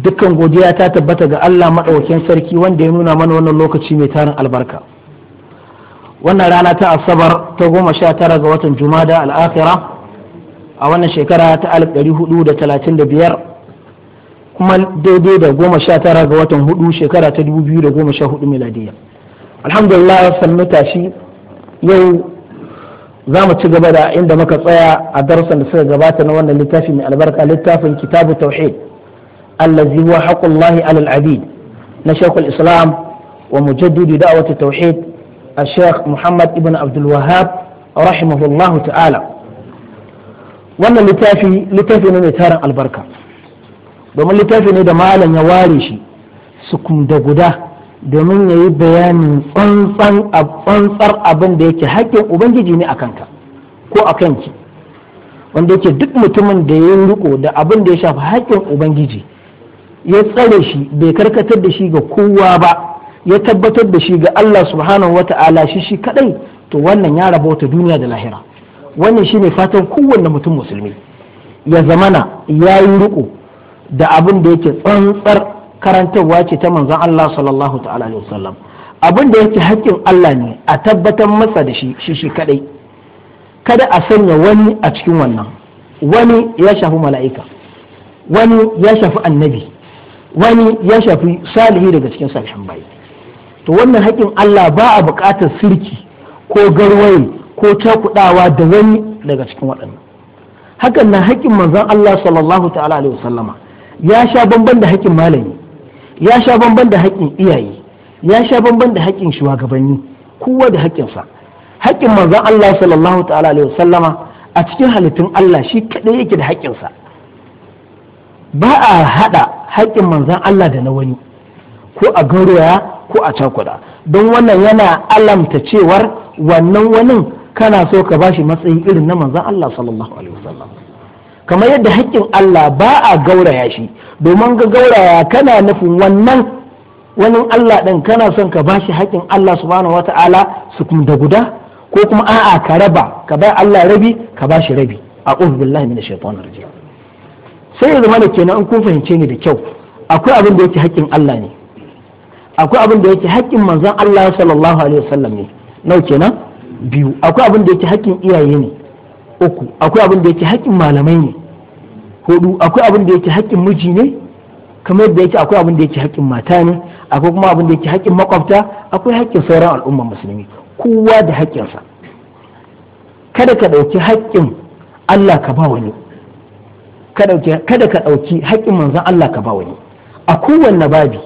dukkan godiya ta tabbata ga Allah maɗaukin sarki wanda ya nuna mana wannan lokaci mai tarin albarka wannan rana ta asabar ta goma sha tara ga watan jumada al'akira a wannan shekara ta alif ɗari hudu da talatin da biyar kuma daidai da goma sha tara ga watan hudu shekara ta dubu biyu da goma sha hudu miladiyya alhamdulillah sannu tashi yau za mu ci gaba da inda muka tsaya a darasin da suka gabata na wannan littafi mai albarka littafin kitabu tauhid allazi huwa haqqullahi alal abid na shaykhul islam wa mujaddidi da'wati tauhid الشيخ محمد ابن عبد الوهاب رحمه الله تعالى wannan littafi littafi ne mai tarin albarka domin littafi ne da malam ya ware shi su guda domin ya yi bayanin tsantsar abin da yake haƙƙin ubangiji ne a kanka ko a kanki wanda yake duk mutumin da ya riko da abin da ya shafi haƙƙin ubangiji ya tsare shi bai karkatar da shi ga kowa ba ya tabbatar da shi ga Allah subhanahu wa ta'ala shi shi kadai to wannan ya raba wata duniya da lahira wannan shine fatan kowanne mutum musulmi ya zamana ya yi riko da abin da yake tsantsar karantarwa ce ta manzon Allah sallallahu ta'ala alaihi wasallam abin da yake haƙƙin Allah ne a tabbatar masa da shi shi shi kadai kada a sanya wani a cikin wannan wani ya shafi mala'ika wani ya shafi annabi wani ya shafi salihi daga cikin salihin bayi to wannan haƙƙin Allah ba a buƙatar sirki ko garwaye ko cakudawa da wani daga cikin waɗannan hakan na haƙƙin manzon Allah sallallahu ta'ala alaihi wasallama ya sha bamban da haƙƙin malami ya sha bamban da haƙƙin iyaye ya sha bamban da haƙƙin shugabanni kowa da haƙƙinsa haƙƙin manzon Allah sallallahu ta'ala alaihi wasallama a cikin halittun Allah shi kadai yake da haƙƙinsa ba a haɗa haƙƙin manzon Allah da na wani ko a gauraya ko a cakuda don wannan yana alamta cewar wannan wani kana so ka bashi matsayi irin na manzon Allah sallallahu alaihi wasallama kamar yadda haƙƙin Allah ba a gauraya shi domin ga gauraya kana nufin wannan wani Allah ɗin kana son ka ba shi haƙƙin Allah subhanahu wata'ala su da guda ko kuma a'a ka raba ka ba Allah rabi ka ba shi rabi a billahi min shaitanir rajim sai yanzu mana da kenan in kun fahimce ni da kyau akwai abin da yake haƙƙin Allah ne akwai abin da yake haƙƙin manzon Allah sallallahu alaihi wasallam ne nau kenan biyu akwai abin da yake haƙƙin iyaye ne uku akwai abin da yake haƙƙin malamai ne hudu akwai abin da yake haƙƙin miji ne kamar yadda yake akwai abin da yake haƙƙin mata ne akwai kuma abin da yake haƙƙin makwabta akwai haƙƙin sauran al'ummar musulmi kowa da haƙƙinsa kada ka ɗauki haƙƙin Allah ka ba wani kada ka ɗauki haƙƙin manzon Allah ka ba wani a kowanne babi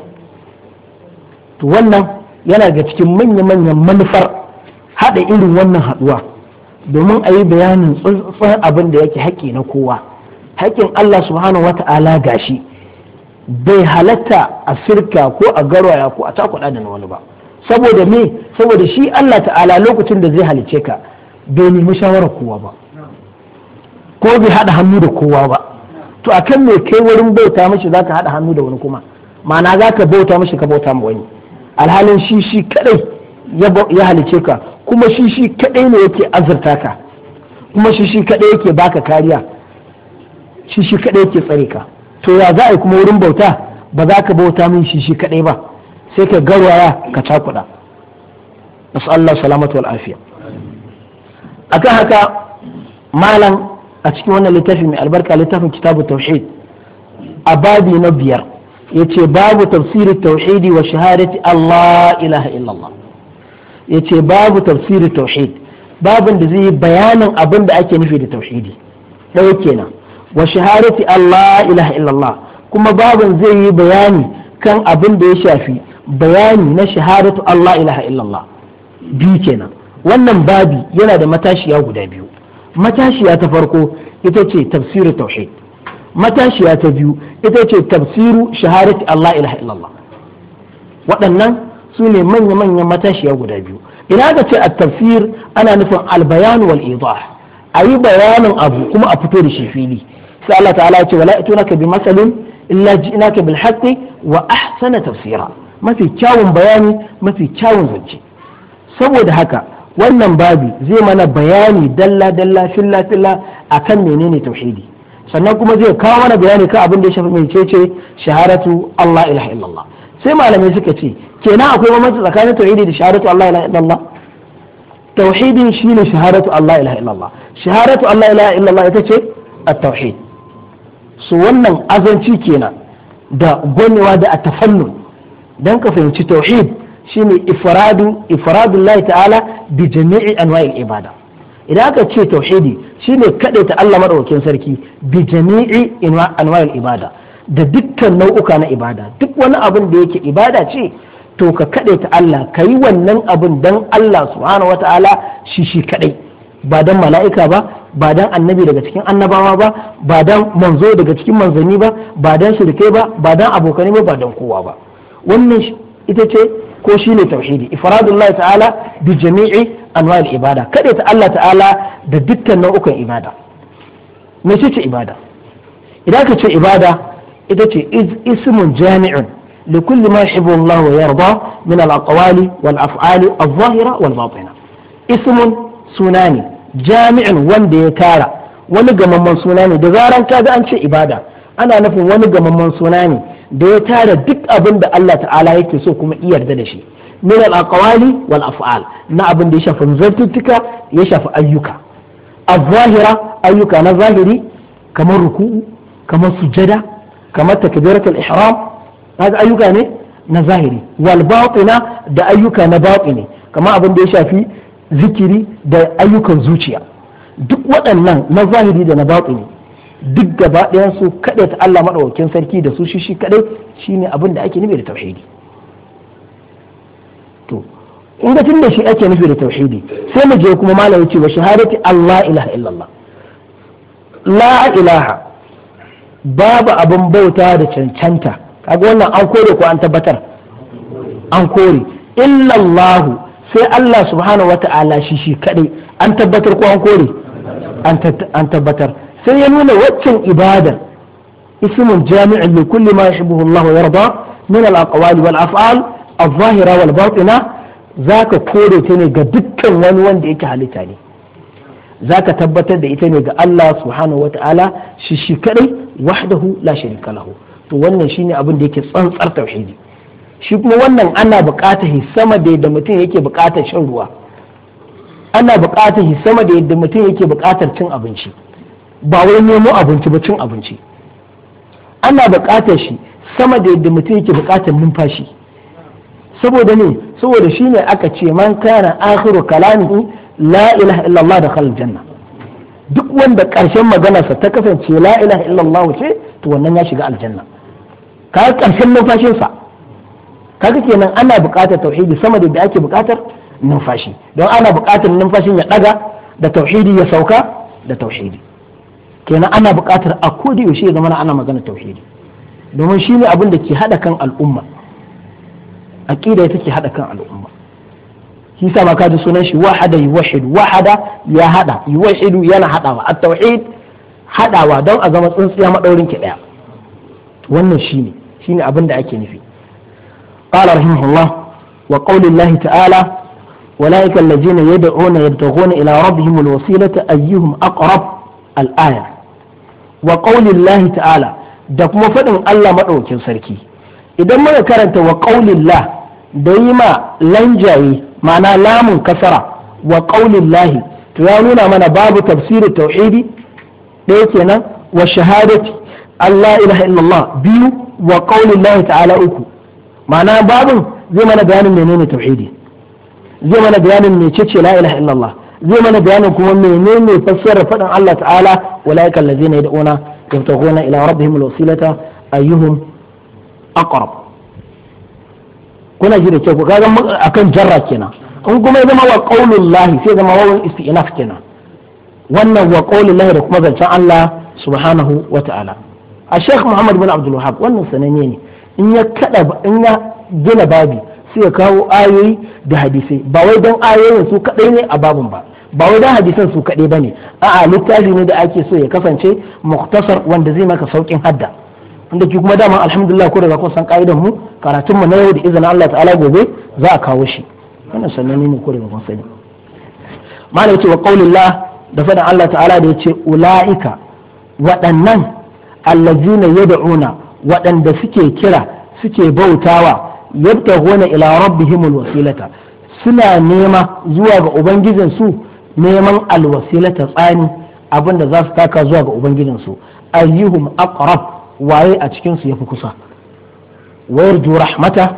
to wannan yana ga cikin manya-manyan manufar haɗa irin wannan haɗuwa domin a yi bayanin abin da yake haƙƙi na kowa haƙƙin Allah subhanahu wata'ala gashi bai halatta a sirka ko a garwaya ko a takwada da wani ba saboda me saboda shi Allah ta'ala lokacin da zai halice ka bai nemi shawarar kowa ba ko bai haɗa hannu da kowa ba to akan me kai wurin bauta mishi zaka haɗa hannu da wani kuma ma'ana zaka bauta mishi ka bauta ma wani alhalin shi shi kadai ya halice ka kuma shi shi kadai ne yake azurta ka kuma shi shi kadai yake baka kariya shi shi kadai yake tsare ka to ya za a yi kuma wurin bauta ba za ka bauta min shi shi kadai ba sai ka garwaya ka cakuɗa nasu Allah salamatu wal afiya akan haka malam a cikin wannan littafi mai albarka littafin kitabu tauhid a babi na biyar yace babu tafsirin tauhidi wa shahadati Allah ilaha illallah yace babu tafsirin tauhid babin da zai yi bayanin abin da ake nufi da tauhidi ɗauke kenan wa shahadati Allah ilaha illallah kuma baban zai yi bayani kan abin da ya shafi bayani na shahadatu Allah ilaha illallah biyu kenan wannan babi yana da matashiya guda biyu matashiya ta farko ita ce tafsiru tauhid matashiya ta biyu ita ce tafsiru shahadati Allah ilaha illallah waɗannan su ne manya-manyan matashiya guda biyu ina ka ce a tafsir ana nufin albayanu wal idah a yi bayanin abu kuma a fito da shi fili sai Allah ta'ala ya ce wala itunaka bi masalin illa ji'naka bil haqqi wa ahsana tafsira mafi kyawun bayani mafi kyawun zance saboda haka wannan babi zai mana bayani dalla dalla filla filla akan menene tauhidi sannan kuma zai kawo mana bayani kan abin da ya shafi mecece shaharatu Allah ilaha illallah sai malamai suka ce kenan akwai bambanci tsakanin tauhidi da shaharatu Allah ilaha illallah tauhidin shine shaharatu Allah ilaha illallah Allah ilaha illallah ita ce a tauhid su wannan azanci kenan da gwanewa da a tafannun don ka fahimci tauhid shine ifradu Allah ta'ala bi jami'i anwa'il ibada idan aka ce tauhidi shine ta Allah madaukakin sarki bi jami'i anwa'il ibada da dukkan nau'uka na ibada duk wani abin da yake ibada ce to ka ta Allah ka yi wannan abin don Allah subhanahu wata'ala shi shi kadai ba dan mala'ika ba ba dan annabi daga cikin annabawa ba ba dan manzo daga cikin manzanni ba ba dan shirkai ba ba dan abokanai ba ba dan kowa ba wannan ita ce ko shine tauhidi ifradullahi ta'ala bi jami'i anwa'il ibada kada ta Allah ta'ala da dukkan nau'ukan ibada me ce ibada idan ka ce ibada ita ce ismun jami'un لكل ما يحبه الله ويرضاه من الأقوال والأفعال الظاهرة ismun اسم ne jami'in wanda ya tara wani gamamman suna ne da zaran ka ga an ce ibada ana nufin wani gamamman suna ne da ya tara duk abin da Allah ta'ala yake so kuma yarda da shi min al-aqwali wal af'al na abin da ya shafi zartuttuka ya shafi ayyuka az-zahira ayyuka na zahiri kamar ruku'u kamar sujada kamar takbiratul ihram kaga ayyuka ne na zahiri wal batina da ayyuka na batini kamar abin da ya shafi zikiri da ayyukan zuciya duk waɗannan na zahiri da na ne duk gaba ɗayan su kaɗai ta Allah maɗaukakin sarki da su shi shi kaɗai ne abin da ake nufi da tauhidi to in ga tun da shi ake nufi da tauhidi sai mu je kuma malam ce wa shahadati Allah ilaha illallah la ilaha babu abin bauta da cancanta kaga wannan an kore ko an tabbatar an kore illallahu sai Allah subhanahu ta'ala shi shi kadai an tabbatar ko an kore an tabbatar sai ya nuna waccan ibada ismun jami'in li kulli ma yuhibbu Allah wa yarda min al-aqwali wal af'al al-zahira wal batina zaka kore ta ne ga dukkan wani wanda yake halitta ne zaka tabbatar da ita ne ga Allah subhanahu ta'ala shi shi kadai wahdahu la sharika lahu to wannan shine abin da yake tsantsar tauhidi shi kuma wannan ana buƙatar shi sama da yadda mutum yake buƙatar shan ruwa ana buƙatar shi sama da yadda mutum yake buƙatar cin abinci ba wai nemo abinci ba cin abinci ana buƙatar shi sama da yadda mutum yake buƙatar numfashi saboda ne saboda shi ne aka ce man kana akhiru kalamihi la ilaha illallah da khalal janna duk wanda ƙarshen maganarsa ta kasance la ilaha illallah ce to wannan ya shiga aljanna ka ƙarshen numfashinsa kaga kenan ana buƙatar tauhidi sama da ake buƙatar numfashi don ana buƙatar numfashin ya ɗaga da tauhidi ya sauka da tauhidi kenan ana buƙatar a da yaushe ya zama ana magana tauhidi domin shi ne abin da ke haɗa kan al'umma aƙida ita ke haɗa kan al'umma shi sa ka ji sunan shi wahada wahidu wahada ya haɗa yi wahidu yana haɗawa a tauhid haɗawa don a zama tsintsiya maɗaurin ki ɗaya wannan shi ne shi ne abin da ake nufi قال رحمه الله وقول الله تعالى أولئك الذين يدعون يبتغون إلى ربهم الوسيلة أيهم أقرب الآية وقول الله تعالى da kuma faɗin Allah maɗaukin sarki idan muka karanta wa da yi ma lanjaye ma'ana lamun kasara wa ƙaulillahi to ya nuna mana babu tafsirin tauhidi ɗaya kenan wa shahadati Allah ilaha illallah biyu wa ƙaulillahi ta'ala uku ma'ana babin zai mana bayanin menene tauhidi zai mana bayanin cece la ilaha illallah zai mana bayanin kuma menene fassarar faɗin Allah ta'ala walaika allazina yad'una yabtaghuna ila rabbihim alwasilata ayyuhum aqrab kuna ji da kyau kaga akan jarra kenan in kuma ya zama wa qaulullahi sai zama wa isti'naf kenan wannan wa qaulullahi da kuma zancen Allah subhanahu wa ta'ala a Sheikh Muhammad bin Abdul Wahhab wannan sananne ne in ya kada in ya gina babi sai ya kawo ayoyi da hadisai ba wai don ayoyin su kadai ne a babin ba ba wai don hadisan su kadai bane a'a littafi ne da ake so ya kasance muktasar wanda zai maka saukin hadda inda ki kuma dama alhamdulillah ko za kun san ka'idan mu karatun mu na yau da izinin Allah ta'ala gobe za a kawo shi wannan sannan ne ko da kun sani malam ce wa qaulillah da fadan Allah ta'ala da yace ulaika waɗannan allazina yad'una waɗanda suke kira suke bautawa hona ila rabbihimul wasilata suna nema zuwa ga su neman alwasilata tsani abinda za su taka zuwa ga ubangijinsu ayyuhum aqrab waye a cikin su yafi kusa wayarju rahmata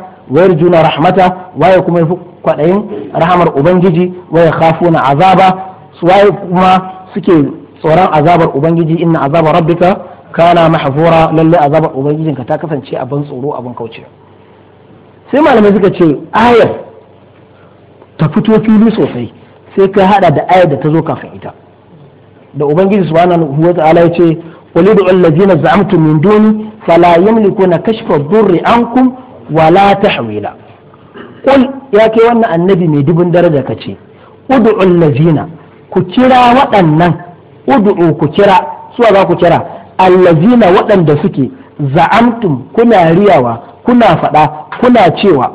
juna rahmata waye kuma yafi kwadayin rahamar ubangiji waye khafuna azaba waye kuma suke tsoron azabar ubangiji inna azaba rabbika kana mahfura lalle azabar ka ta kasance abin tsoro abin kauce sai malamai suka ce ayar ta fito fili sosai sai ka hada da ayar da ta zo kafin ita da ubangiji subhanahu wa ta'ala ya ce qul ud'u allazina za'amtum min duni fala yamlikuna kashfa dhurri ankum wala tahwila qul ya kai wannan annabi mai dubin daraja kace ud'u allazina ku kira waɗannan ud'u ku kira suwa za ku kira allazina waɗanda suke za'amtum kuna riyawa kuna faɗa kuna cewa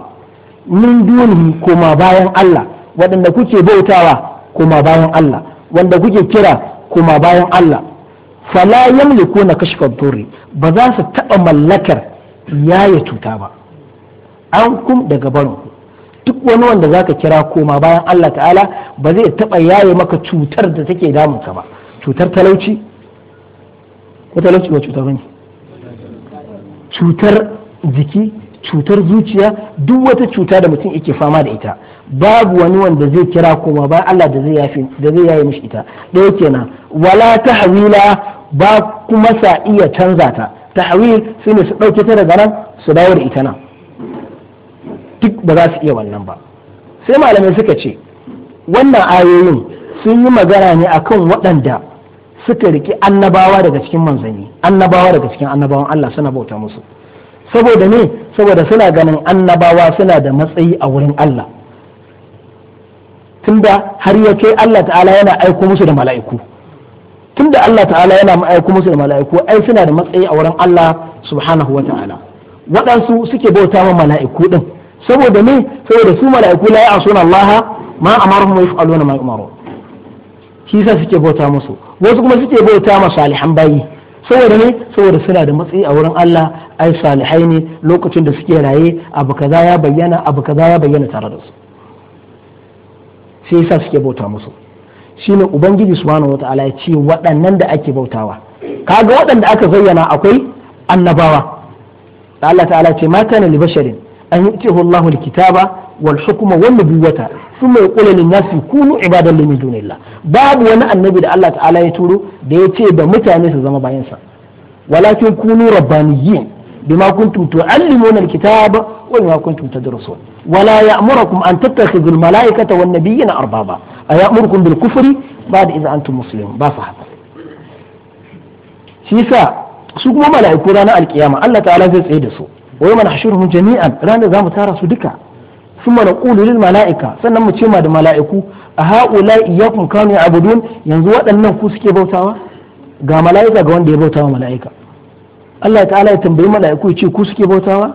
min duni kuma bayan Allah waɗanda kuke bautawa kuma bayan Allah wanda kuke kira kuma bayan Allah fala na kashfar durri ba za su taɓa mallakar yaya cuta ba an kum daga banku duk wani wanda zaka kira koma bayan Allah ta'ala ba zai taɓa yaye maka cutar da take damunka ba cutar talauci wata talauci ba cuta bane cutar jiki cutar zuciya duk wata cuta da mutum yake fama da ita babu wani wanda zai kira koma ba Allah da zai yafi da yaye mishi ita ɗaya kenan wala tahwila ba kuma sa iya canza ta tahwil shine su dauke ta daga nan su dawo da ita nan duk ba za su iya wannan ba sai malamai suka ce wannan ayoyin sun yi magana ne akan waɗanda suka riki annabawa daga cikin manzanni annabawa daga cikin annabawan Allah suna bauta musu saboda ne saboda suna ganin annabawa suna da matsayi a wurin Allah tunda har ya kai Allah ta'ala yana aiko musu da mala'iku tunda Allah ta'ala yana aiko musu da mala'iku ai suna da matsayi a wurin Allah subhanahu wata'ala waɗansu suke bauta ma mala'iku din saboda ne saboda su mala'iku la ya'suna Allah ma amaruhum wa yaf'aluna ma yu'maru shi yasa suke bauta musu wasu kuma suke bauta ma salihan bayi saboda ne saboda suna da matsayi a wurin Allah ai salihai ne lokacin da suke raye abu kaza ya bayyana abu kaza ya bayyana tare da su shi yasa suke bauta musu shine ubangiji subhanahu wataala ya ce waɗannan da ake bautawa kaga waɗanda aka zayyana akwai annabawa da Allah ta'ala ce ma kana li basharin an yi ce al-kitaba wal hukuma wan nubuwata sun mai kula lin nasi kunu ibadan limin dunillah babu wani annabi da Allah ta'ala ya turo da ya ce da mutane su zama bayansa walakin kunu rabbaniyyin bima kuntum tu'allimuna alkitaba wa bima kuntum tadrusun wala ya'murukum an tattakhidhu almalaikata wan nabiyina arbaba ayamurkum bil kufri ba'da idza antum muslimun ba fa haka shi yasa su kuma mala'iku ranar alƙiyama. Allah ta'ala zai tsaye da su wa yawma nahshuruhum jami'an ranar zamu tara su duka thumma naqulu lil mala'ika sannan mu ce ma da mala'iku a haula iyyakum kanu ya'budun yanzu waɗannan ku suke bautawa ga mala'ika ga wanda ya bautawa mala'ika Allah ta'ala ya tambayi mala'iku ya ce ku suke bautawa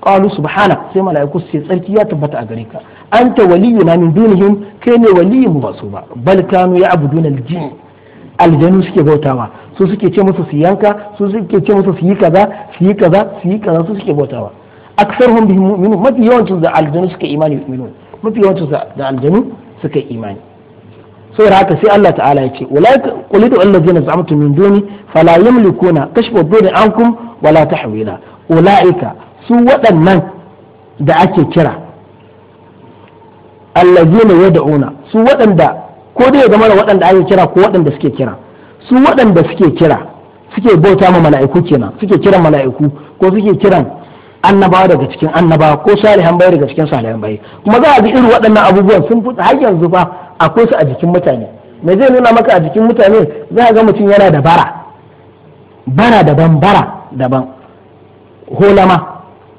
qalu subhana sai mala'iku su ce tsarki ya tabbata a gare ka anta waliyuna min dunihim kai ne waliyin mu ba su ba bal kanu ya'buduna al aljanu suke bautawa su suke ce musu su yanka su suke ce musu su yi kaza su yi kaza su yi kaza su suke bautawa aksarhum bihim mu'minun mafi yawancin da aljanu suka imani mu'minun mafi yawancin da aljanu suka imani saboda haka sai Allah ta'ala ya ce wala qul du allazina za'amtum min duni fala yamlikuna kashfa dhurri ankum wala tahwila ulaika su waɗannan da ake kira allazina yad'una su waɗanda ko dai game da waɗanda ake kira ko waɗanda suke kira su waɗanda suke kira suke bauta ma mala'iku kenan suke kiran mala'iku ko suke kiran annabawa daga cikin annabawa ko salihan bai daga cikin salihan bai kuma za a ji irin waɗannan abubuwan sun fi har yanzu fa akwai su a jikin mutane me zai nuna maka a jikin mutane za a ga mutum yana da bara bara daban bara daban holama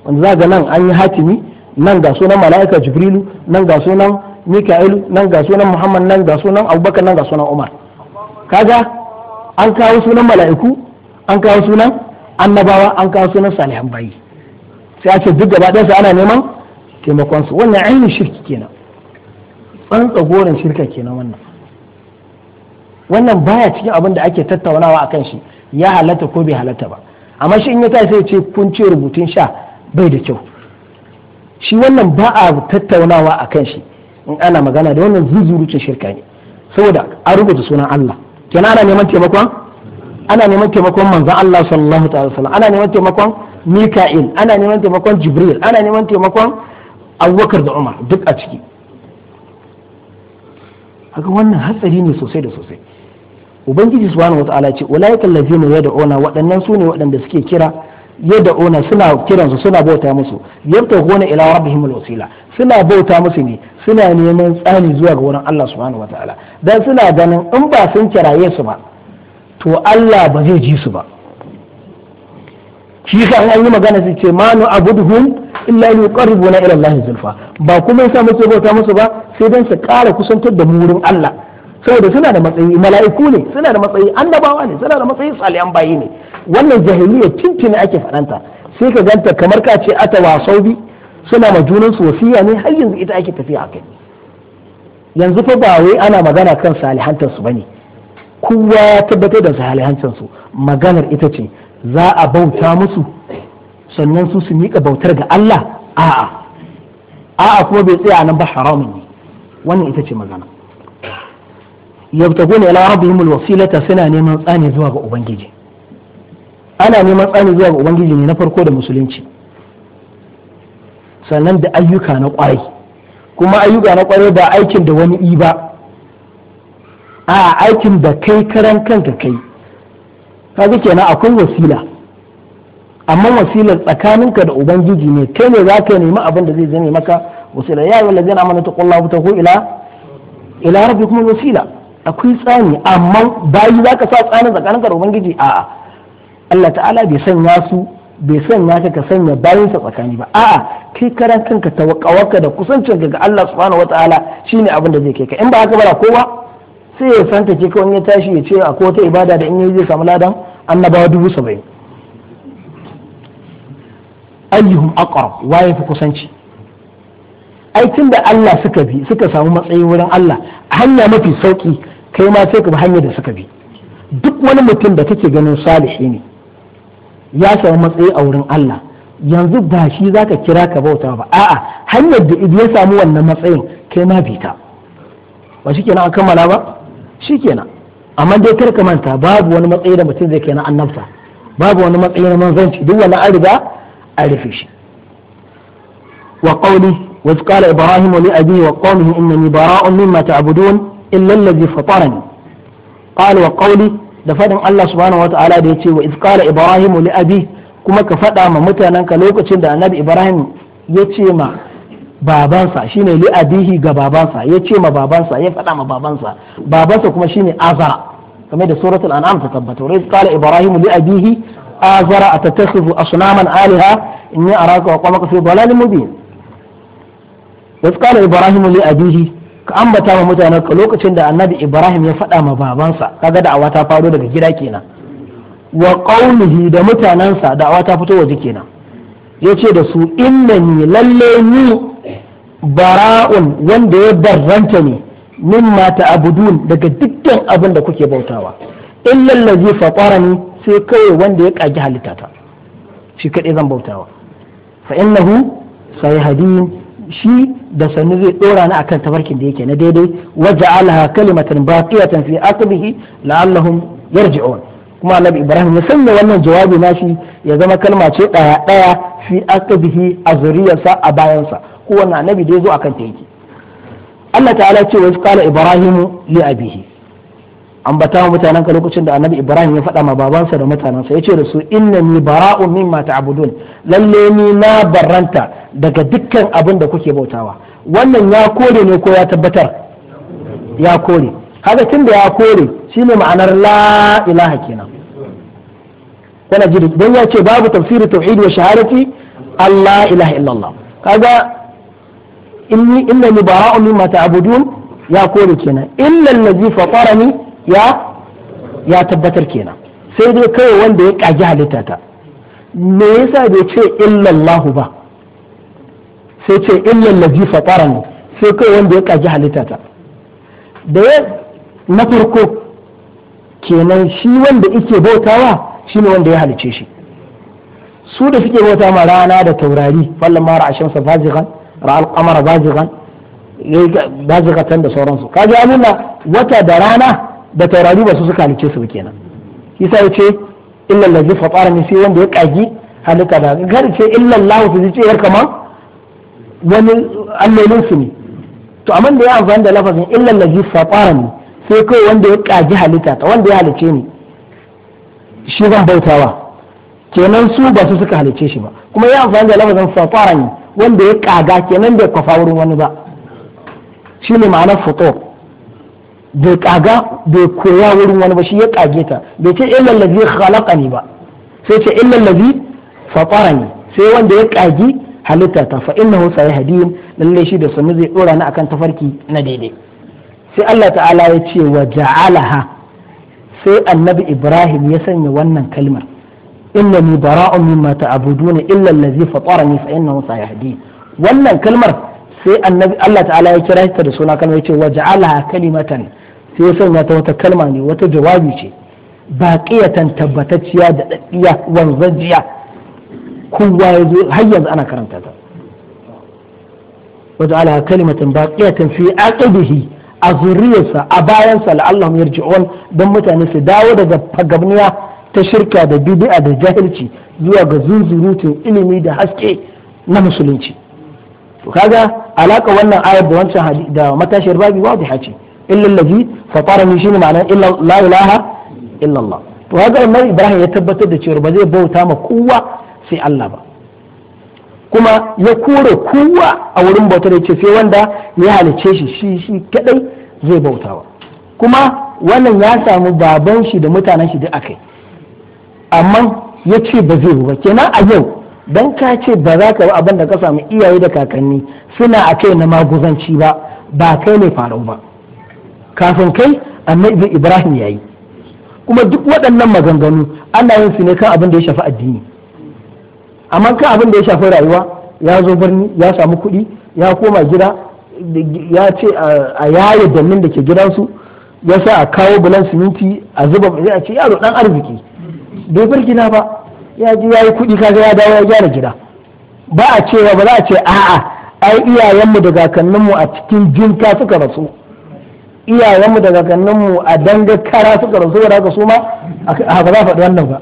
wanda za ga nan an yi hatimi nan ga sunan mala'ika jibrilu nan ga sunan mika'ilu nan ga sunan muhammad nan ga sunan abubakar nan ga sunan umar kaga an kawo sunan mala'iku an kawo sunan annabawa an kawo sunan salihan bayi sai a ce duk gaba ɗansa ana neman taimakon su wannan ainihin shirki kenan tsantsa goren shirka kenan wannan wannan baya cikin abin da ake tattaunawa a kan shi ya halatta ko bai halatta ba amma shi in ya tashi sai ce kun ce rubutun sha bai da kyau shi wannan ba a tattaunawa a kan shi in ana magana da wannan zuzurucin shirka ne saboda a rubuta sunan Allah kenan ana neman taimakon ana neman taimakon manzon Allah sallallahu ta'ala wasallam ana neman taimakon mika'il ana neman taimakon jibril ana neman taimakon abubakar da umar duk a ciki haka wannan hatsari ne sosai da sosai ubangiji subhanahu wata'ala ce ulaikal ladzina ona waɗannan su ne waɗanda suke kira yad'una suna kiransu suna bauta musu gona ila rabbihim alwasila suna bauta musu ne suna neman tsani zuwa ga wurin Allah subhanahu wata'ala dan suna ganin in ba sun kiraye su ba to Allah ba zai ji su ba shi sa an yi magana su ce ma nu abuduhum illa yuqarribuna ila Allah zulfa ba kuma yasa ce bauta musu ba sai dan su kara kusantar da mu wurin Allah saboda suna da matsayi mala'iku ne suna da matsayi annabawa ne suna da matsayi salihan bayi ne wannan jahiliya ne ake faranta sai ka ganta kamar ka ce ata wasau bi suna ma junan su wasiya ne har yanzu ita ake tafiya a kai yanzu fa ba wai ana magana kan salihantar su bane kowa ya tabbatar da salihantar su maganar ita ce za a bauta musu sannan su su miƙa bautar ga Allah a'a a'a kuma bai tsaya nan ba haramun ne wannan ita ce magana yabtaguna ila rabbihim alwasilata suna neman tsani zuwa ga ubangiji ana neman tsani zuwa ga ubangiji ne na farko da musulunci sannan da ayyuka na kwarai kuma ayyuka na kwarai ba aikin da wani i ba a aikin da kai karan kanka kai kaga kenan akwai wasila amma wasilar tsakaninka da ubangiji ne kai ne za ka nemi abin da zai zame maka wasila ya yi lazina amana ta kulla ta ko ila ila rabbi kuma wasila akwai tsani amma bayi za ka sa tsanin tsakaninka da ubangiji a'a Allah ta'ala bai sanya su bai sanya ka ka sanya bayansa tsakani ba a'a kai karan kanka tawakkawarka da kusancin ga Allah subhanahu wataala shine abin da zai kai ka in ba haka ba kowa sai ya santa ke kawai ya tashi ya ce akwai wata ibada da in yi zai samu ladan annabawa dubu saba'in ayyuhum aqrab waye fi kusanci ai da Allah suka bi suka samu matsayi wurin Allah a hanya mafi sauki kai ma sai ka bi hanyar da suka bi duk wani mutum da kake ganin salihi ne ya samu matsayi a wurin Allah yanzu ba shi zaka kira ka bauta ba a'a hanyar da ya samu wannan matsayin kai ma bi ta ba shikenan an kammala ba shikenan amma dai kar ka manta babu wani matsayi da mutum zai kai na annabta babu wani matsayi na manzanci duk wani an riga a rufe shi wa qawli wa qala ibrahim li abihi wa qawmihi innani bara'un mimma ta'budun illa allazi fatarani qala wa qawli da fadin Allah subhanahu wa ta'ala da yace wa iz qala ibrahim li abi kuma ka fada ma mutanenka lokacin da annabi ibrahim ya ce ma babansa shine li adihi ga babansa ya ce ma babansa ya faɗa ma babansa babansa kuma shine azara kamar da suratul an'am ta tabbata wa qala ibrahim li adihi azara atattakhidhu asnaman alaha inni araka wa qawmaka fi dalalin mubin wa qala ibrahim li adihi ka ambata ma mutanen ka lokacin da annabi ibrahim ya faɗa ma babansa kaga da ta faro daga gida kenan wa qaulihi da mutanansa da ta fito waje kenan yace da su innani lalle ni bara'un wanda ya barranta ne mata abudun daga dukkan abin da kuke bautawa in illa allazi ni sai kawai wanda ya kagi halittata shi kadai zan bautawa fa innahu sayhadin shi da sannu zai dora ni akan tabarkin da yake na daidai waja'alha kalimatan baqiyatan fi aqbihi la'allahum yarji'un kuma annabi ibrahim ya sanya wannan jawabi nashi ya zama kalma ce daya daya fi aqbihi a zuriyarsa a bayansa kowane annabi da ya zo akan ta yake Allah ta'ala ce wa kala ibrahimu li abihi bata wa mutanen ka lokacin da annabi ibrahim ya faɗa ma babansa da mutanensa ya ce da su inna ni bara'un mimma ta'budun lalle ni na baranta daga dukkan abin da kuke bautawa wannan ya kore ne ko ya tabbatar ya kore haka tun da ya kore shine ma'anar la ilaha kenan kana ji don ya ce babu tafsirin tauhid wa shahadati allah ilaha illallah kaga inni innani bara'un mimma ta'budun ya kore kenan illa allazi fatarani ya ya tabbatar kenan sai dai kawai wanda ya kaji halitta ta me yasa bai ce illa Allah ba sai ce illa allazi fatarani sai kawai wanda ya kaji halitta ta da na farko kenan shi wanda yake bautawa shi ne wanda ya halice shi su da suke bauta ma rana da taurari fallan mara ashamsa fazigan ra'al qamara bazigan bazigatan da sauransu kaji amina wata da rana da taurari ba su suka halice su kenan isa ya ce illa allazi fatara min sai wanda ya kaji halitta da kar ce illa allah su ce yar kama wani allolin su ne to amma da ya amfani da lafazin illa allazi fatara ni sai kai wanda ya kaji halitta ta wanda ya halice ni shi zan bautawa kenan su ba su suka halice shi ba kuma ya amfani da lafazin fatara ni wanda ya kaga kenan bai kwafa wurin wani ba shi ne ma'anar fito bai kaga bai koya wurin wani ba shi ya kage ta bai ce illal ladhi khalaqani ba sai ce illal ladhi fatarani sai wanda ya kagi halitta ta fa innahu sayahdin lalle shi da sanu zai dora ni akan tafarki na daidai sai Allah ta'ala ya ce wa ja'alaha sai annabi Ibrahim ya sanya wannan kalmar innani bara'un mimma ta'buduna illa allazi fatarani fa innahu sayahdi wannan kalmar sai annabi Allah ta'ala ya kira ta da suna kalmar yace waja'alaha kalimatan sai ya sanya ta wata kalma ne wata jawabi ce baqiyatan tabbatacciya da daddiya wanzajiya kowa ya zo har yanzu ana karanta ta waja'alaha kalimatan baqiyatan fi aqibihi a zuriyarsa a bayansa la'allahum yarji'un dan mutane su dawo daga fagabniya ta shirka da bid'a da jahilci zuwa ga zunzurutun ilimi da haske na musulunci to kaga alaka wannan ayar da wancan da matashiyar babi wadiha ce illa allazi min shi ma'ana illa la ilaha illa Allah to kaga annabi Ibrahim ya tabbatar da cewa ba zai bauta ma kowa sai Allah ba kuma ya kore kowa a wurin bautar ya ce sai wanda ya halice shi shi shi kadai zai bautawa kuma wannan ya samu baban shi da mutanen shi duk akai amma ya ce ba zai ba kenan a yau don ka ce ba za ka ba abin da ka samu iyaye da kakanni suna a kai na maguzanci ba ba kai ne farau ba kafin kai annabi ibrahim ya yi kuma duk waɗannan maganganu ana yin su ne kan abin da ya shafi addini amma kan abin da ya shafi rayuwa ya zo birni ya samu kuɗi ya koma gida ya ce a yaye dannin da ke gidansu ya sa a kawo bulan siminti a zuba a ce yaro ɗan arziki bai bar gida ba ya ji ya yi kuɗi kaga ya dawo ya gyara gida ba a cewa ba za a ce a'a ai iyayenmu da kakanninmu a cikin jinka suka rasu iyayenmu da kakanninmu a danga kara suka rasu ba haka su ma a ba za faɗi wannan ba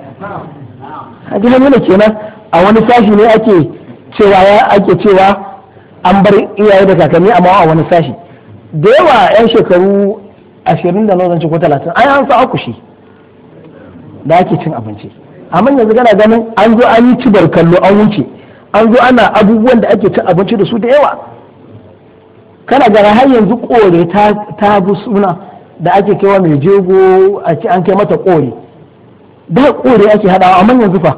a ji nuna kenan a wani sashi ne ake cewa ya ake cewa an bar iyaye da kakanni amma a wani sashi da yawa 'yan shekaru ashirin da nawa zan ci ko talatin yi an sa akushi da ake cin abinci amma yanzu gana ganin an zo an yi cibar kallo an wuce an zo ana abubuwan da ake cin abinci da su da yawa kana gara har yanzu kore ta bu suna da ake kaiwa mai jego a an kai mata kore da kore ake hadawa amma yanzu fa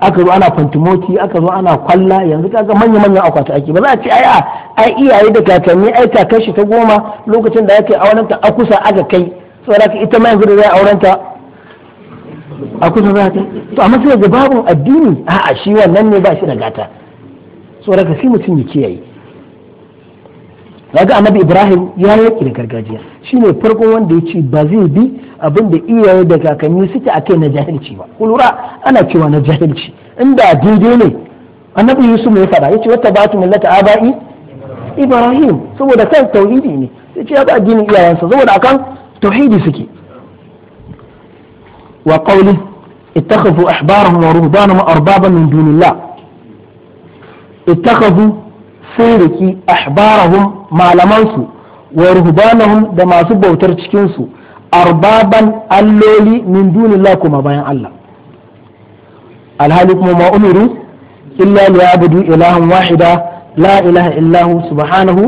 aka zo ana fantimoti aka zo ana kwalla yanzu kaga manya manyan akwati ake ba za a ce ai a ai iyaye da kakanni ai ta kashi ta goma lokacin da yake auren ta akusa aka kai saboda ita ma yanzu da zai aurenta a kusa za ta to amma sai ga babu addini a'a shi wannan ne ba shi da gata saboda ka sai mutum ya kiyaye ga annabi ibrahim ya yaki da gargajiya Shi ne farko wanda ya ce ba zai bi abinda da iyaye da kakanni suke a kai na jahilci ba ku ana cewa na jahilci inda daidai ne annabi yusuf ya ya ce wata batu millata aba'i ibrahim saboda kan tauhidi ne ya ce ya ba addinin iyayensa saboda akan tauhidi suke wa qawli ittakhadhu ahbarahum wa ruhbanahum arbaban min dunillah ittakhadhu siriki ahbarahum malamansu wa ruhbanahum da masu bautar cikin su arbaban alloli min dunillah kuma bayan Allah alhali kuma ma umiru illa liyabudu ilahan wahida la ilaha illahu subhanahu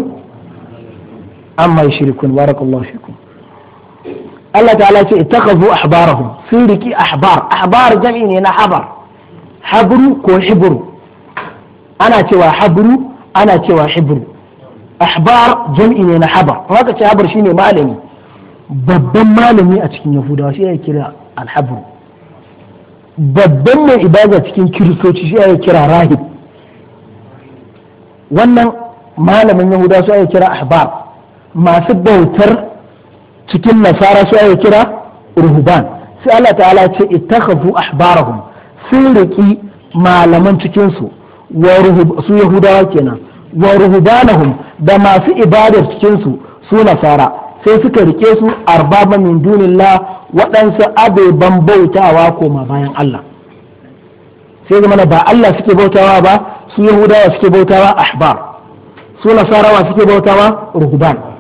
amma yushrikun barakallahu Allah ta'ala ce ittakazu ahbarahum sun riki ahbar ahbar jam'i ne na habar habru ko hibru ana cewa habru ana cewa hibru ahbar jam'i ne na habar haka ce habar shine malami babban malami a cikin yahudawa shi ya kira alhabru babban mai ibada cikin kiristoci shi ya kira rahib wannan malamin yahudawa su ya kira ahbar masu bautar cikin nasara su ya kira ruhuban sai Allah ta'ala ce ittakhazu ahbarahum sun riki malaman cikin su wa su yahudawa kenan wa ruhubanahum da masu ibadar cikin su su nasara sai suka rike su arbaba min dunillah waɗansu abeban bautawa koma bayan Allah sai zama ba Allah suke bautawa ba su yahudawa suke bautawa ahbar su nasarawa suke bautawa ruhuban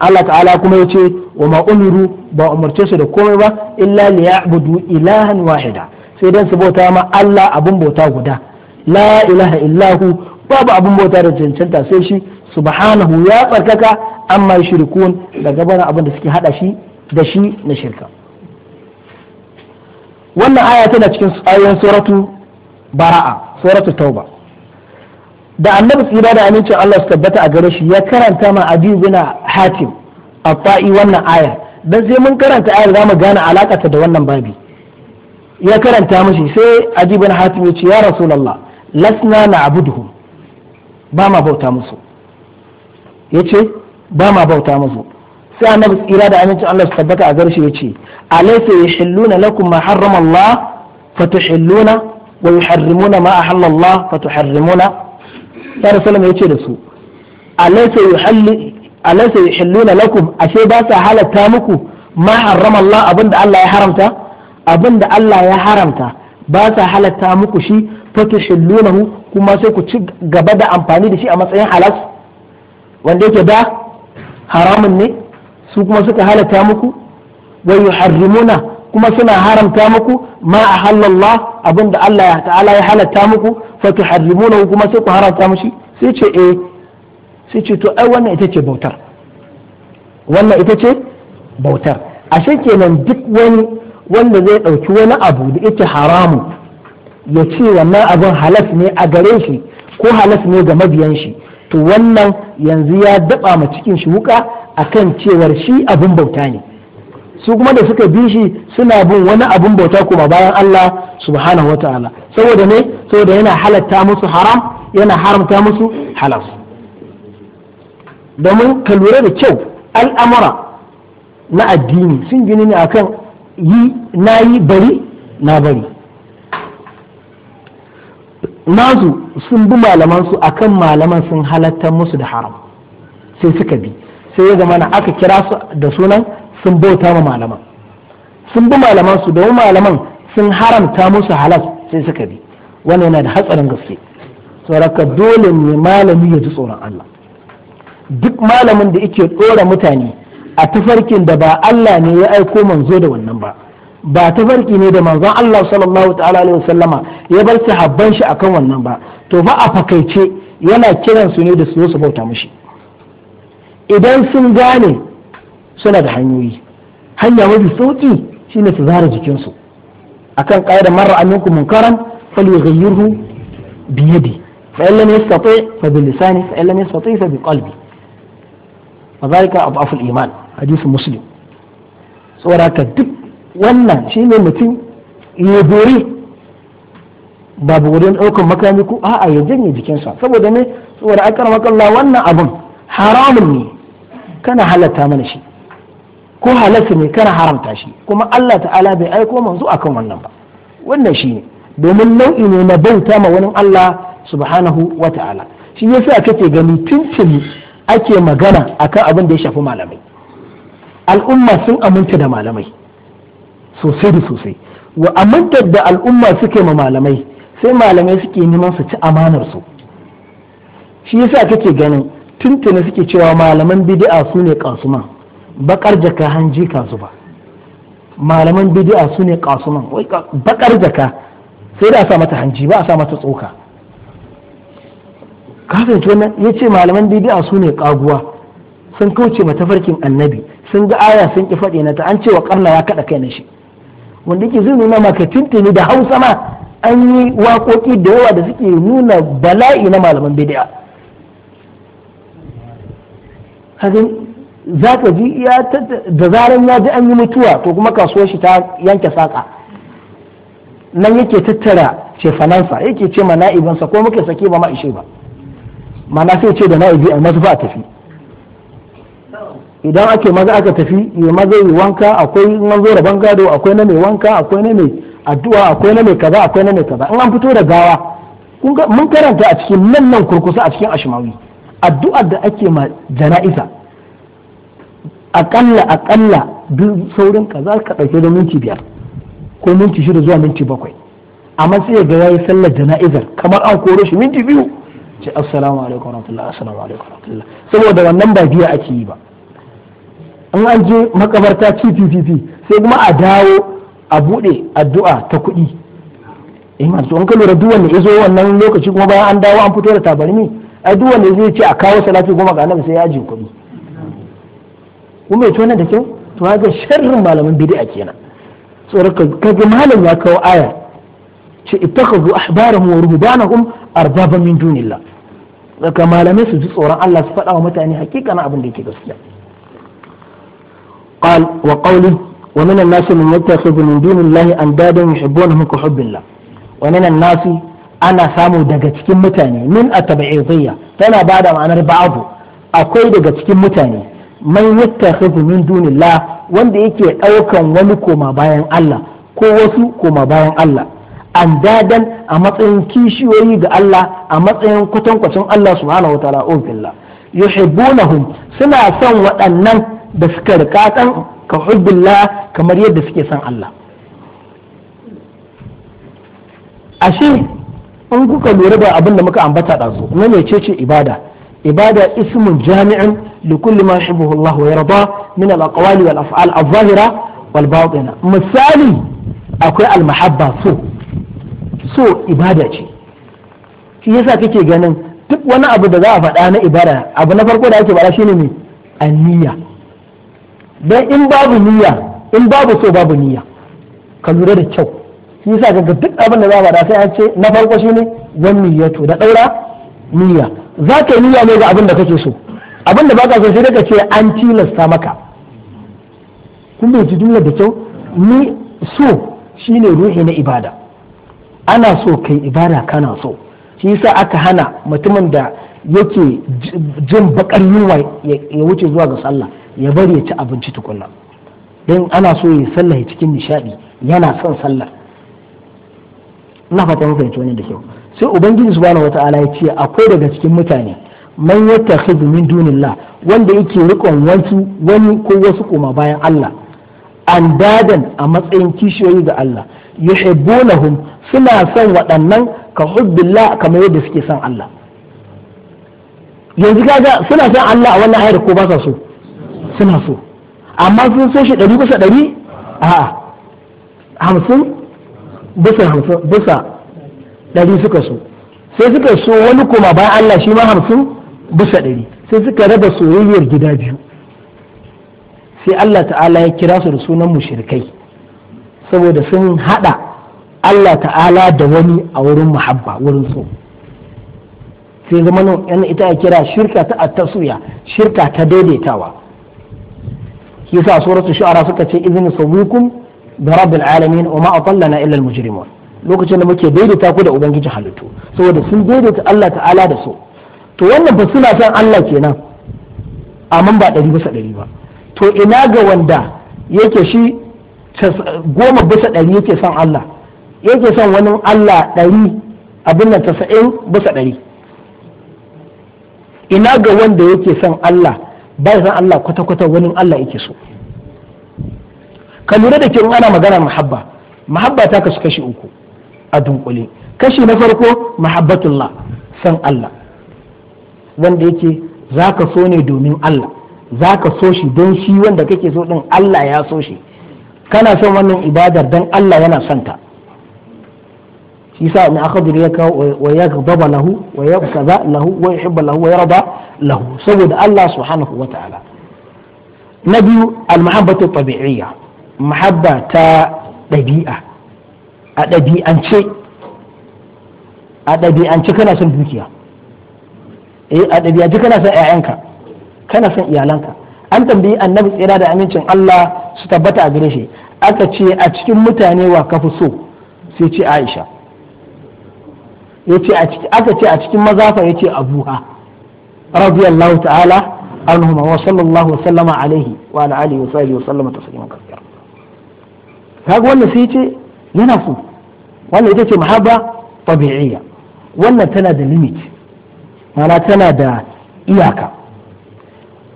Allah ta'ala kuma ya ce wa ma umiru ba umarce su da komai ba illa li ya'budu ilahan wahida sai dan su bauta ma Allah abun bauta guda la ilaha illahu babu abun bauta da cancanta sai shi subhanahu ya tsarkaka amma shirkun daga bana abin da suke hada shi da shi na shirka wannan aya tana cikin ayoyin suratu bara'a suratu tauba da annabi tsira da amincin Allah su tabbata a gare shi ya karanta ma adiyu bin hatim a fa'i wannan aya dan sai mun karanta ayar zamu gane alakata da wannan babi ya karanta mashi sai adiyu bin hatim ya ce ya rasulullah lasna na'buduhum ba ma bauta musu yace ba ma bauta musu sai annabi tsira da amincin Allah su tabbata a gare shi yace alaysa yahilluna lakum ma harrama Allah fatuhilluna wa yuharrimuna ma ahalla Allah fatuharrimuna ya rasulullah ya ce da su alaysa yuhalli alaysa lakum ashe ba sa halatta muku ma harrama Allah abinda Allah ya haramta abinda Allah ya haramta ba sa halatta muku shi fatuhillunahu kuma sai ku ci gaba da amfani da shi a matsayin halas wanda yake da haramun ne su kuma suka halatta muku wa yuharrimuna kuma suna haramta muku ma ahallallah abinda Allah ta'ala ya halatta muku fa tuharrimunahu kuma sai ku haramta mishi sai ce eh sai ce to ai wannan ita ce bautar wannan ita ce bautar ashe kenan duk wani wanda zai ɗauki wani abu da yake haramu ya ce wannan abin halas ne a gare shi ko halas ne ga mabiyan shi to wannan yanzu ya daba ma cikin shi wuka akan cewar shi abin bauta ne su kuma da suka bi shi suna bin wani abin bauta kuma bayan Allah subhanahu wa ta'ala saboda ne saboda yana halatta musu haram yana haramta musu halas domin ka lura da kyau al'amara na addini sun gini ne akan yi na yi bari na bari nasu sun bi malamansu akan malaman sun halatta musu da haram sai suka bi sai ya zama aka kira su da sunan sun bauta ma malaman sun bi malaman su domin malaman sun haramta musu halal sai suka bi wannan yana da hatsarin gaske sauraka dole ne malami ya ji tsoron Allah duk malamin da yake ɗora mutane a tafarkin da ba Allah ne ya aiko manzo da wannan ba ba tafarki ne da manzon Allah sallallahu ta'ala alaihi wasallama ya bar sahabban shi akan wannan ba to ba a fakaice yana kiransu ne da su su bauta mishi idan sun gane suna da hanyoyi hanya mafi sauki shine su zara jikinsu akan qaida marra aminkum munkaran falyughayyirhu bi yadi fa in lam yastati fa bi lisani fa in lam yastati fa bi qalbi fa zalika abu al-iman hadith muslim saboda duk wannan shine mutum ya bore babu wurin ɗaukar makami ko a'a ya janye jikinsa saboda ne saboda akar makalla wannan abun haramun ne kana halatta mana shi ko halatta ne kana haramta shi kuma Allah ta'ala bai aiko manzo akan wannan ba wannan shi ne domin nau'i ne na bauta ma wani Allah subhanahu wa ta'ala shi sai kake gani tuntuni ake magana akan abin da ya shafi malamai al'umma sun aminta da malamai sosai da sosai wa amintar da al'umma suke ma malamai sai malamai suke neman su ci amanar su shi yasa kake ganin tuntuni suke cewa malaman bid'a su ne kasuma? bakar jaka hanji ka zuba malaman bidi'a su ne kasuman bakar jaka sai da a sa mata hanji ba a sa mata tsoka kafin wannan ya ce malaman bidi'a su ne kaguwa sun kauce farkin annabi sun ga aya sun ki faɗi na ta an cewa karna ya kaɗa kai na shi wanda yake zai nuna maka tuntuni da hausa ma an yi waƙoƙi da yawa da suke nuna bala'i na malaman bidi'a za ka ji da zaran ya ji an yi mutuwa to kuma kasuwar shi ta yanke saka nan yake tattara fanansa yake ce ma na'ibinsa ko muka sake ba ma'ishe ba. ba mana sai ce da na'ibi a mazu ba a tafi idan ake maza aka tafi ya maza yi wanka akwai manzo da bangado akwai na mai wanka akwai na mai addu'a akwai na mai kaza akwai na mai kaza in an fito da gawa mun karanta a cikin nan nan kurkusa a cikin ashimawi addu'ar da ake ma jana'iza akalla akalla duk saurin ka za ka ɗauke da minti biyar ko minti shida zuwa minti bakwai amma sai ga yayi sallar jana'izar kamar an koro shi minti biyu ce assalamu alaikum warahmatullahi assalamu alaikum warahmatullahi saboda wannan ba biya ake yi ba in an je makabarta tpp sai kuma a dawo a buɗe addu'a ta kuɗi iman eh, to in ka lura ya zo wannan lokaci kuma bayan an dawo an fito da tabarmi a duk zai ce a kawo salati goma ga annabi sai ya ajiye kuɗi kuma ya tona da kyau to ga sharrin malaman bid'a kenan tsoron kaga malam ya kawo aya ce ittakhadhu ahbarahum wa ruhbanahum arbaba min dunillah daga malamai su ji tsoron Allah su faɗa wa mutane na abin da yake gaskiya قال وقوله ومن الناس من يتخذ من دون الله اندادا يحبونهم كحب الله ومن الناس ana samu daga cikin mutane min a tana bada ma'anar ba'abu akwai daga cikin mutane man yattakhidhu min dunillah wanda yake ɗaukan wani koma bayan Allah ko wasu koma bayan Allah an dadan a matsayin kishiyoyi ga Allah a matsayin kwatankwacin Allah subhanahu wataala o billah yuhibbunahum suna son waɗannan da suka rika kan ka hubbillah kamar yadda suke son Allah ashe in kuka lura da abin da muka ambata ɗazu na mecece ibada ibada ismun jami'in لكل ما يحبه الله ويرضاه من الأقوال والأفعال الظاهرة والباطنة مثالي أكو المحبة سو سو إبادة shi yasa kake ganin duk wani abu da za a faɗa na ibada abu na farko da ake faɗa shine mai aniyya dan in babu niyya in babu so babu niyya ka lura da kyau shi yasa duk abin za a faɗa sai an ce na farko shine da niyya za niyya ne ga abin da kake so abin da baka so sai daga ce an tilasta maka kun bai jumlar da kyau ni so shine ruhi na ibada ana so kai ibada kana so shi yasa aka hana mutumin da yake jin bakar yunwa ya wuce zuwa ga sallah ya bari ya ci abinci tukunna don ana so ya sallah ya cikin nishadi yana son sallah ina fata mafi fahimci wani da kyau sai ubangiji subhanahu wata'ala ya ce akwai daga cikin mutane man khidu min dunillah wanda yake rikon wasu wani ko wasu koma bayan Allah an dadan a matsayin kishiyoyi ga Allah yuhibbunahum suna son waɗannan ka hubbillah kamar yadda suke son Allah yanzu kaga suna son Allah a wannan ayar ko ba sa so suna so amma sun so shi ɗari kusa ɗari a hamsin bisa hamsin bisa ɗari suka so sai suka so wani koma bayan Allah shi ma hamsin bisa ɗari sai suka raba soyayyar gida biyu sai Allah ta'ala ya kira su da sunan mushrikai saboda sun haɗa Allah ta'ala da wani a wurin muhabba wurin so sai zama nan ita ya kira shirka ta attasuya shirka ta daidaitawa yasa suratul shu'ara suka ce izin sabukum da rabbil alamin wa ma atallana illa al mujrimun lokacin da muke daidaita ku da ubangiji halittu saboda sun daidaita Allah ta'ala da so to wannan ba suna san Allah kenan amma ba ɗari bisa ɗari ba to ina ga wanda yake shi goma bisa ɗari yake son Allah yake son wani Allah ɗari abin nan tasa'in bisa ɗari ina ga wanda yake son Allah ba san Allah kwata-kwata wani Allah yake so ka lura da kin ana magana muhabba muhabba ta kasu kashi uku a dunkule kashi na farko mahabbatullah san Allah wanda yake za ka so ne domin Allah za ka so shi don shi wanda kake so din Allah ya so shi kana son wannan ibadar dan Allah yana son ta shi sa ne aka ya kawo wa ya gaba lahu wa ya kaza lahu wa yuhibba lahu wa yarda lahu saboda Allah subhanahu wataala na biyu almahabbatu tabi'iyya mahabba ta ɗabi'a a ɗabi'ance a ɗabi'ance kana son dukiya Eh, a ɗabi'aji kana son ƴaƴanka kana son iyalanka an tambayi annabi tsira da amincin Allah su tabbata a gare shi aka ce a cikin mutane wa kafi so sai ce Aisha aka ce a cikin maza fa ce Abuha radiyallahu ta'ala anhu wa sallallahu wa sallama alaihi wa ala alihi wa sahbihi wa sallama tasliman kathira kaga wannan sai ce yana so wannan ita ce mahabba tabi'iyya wannan tana da limit mana tana da iyaka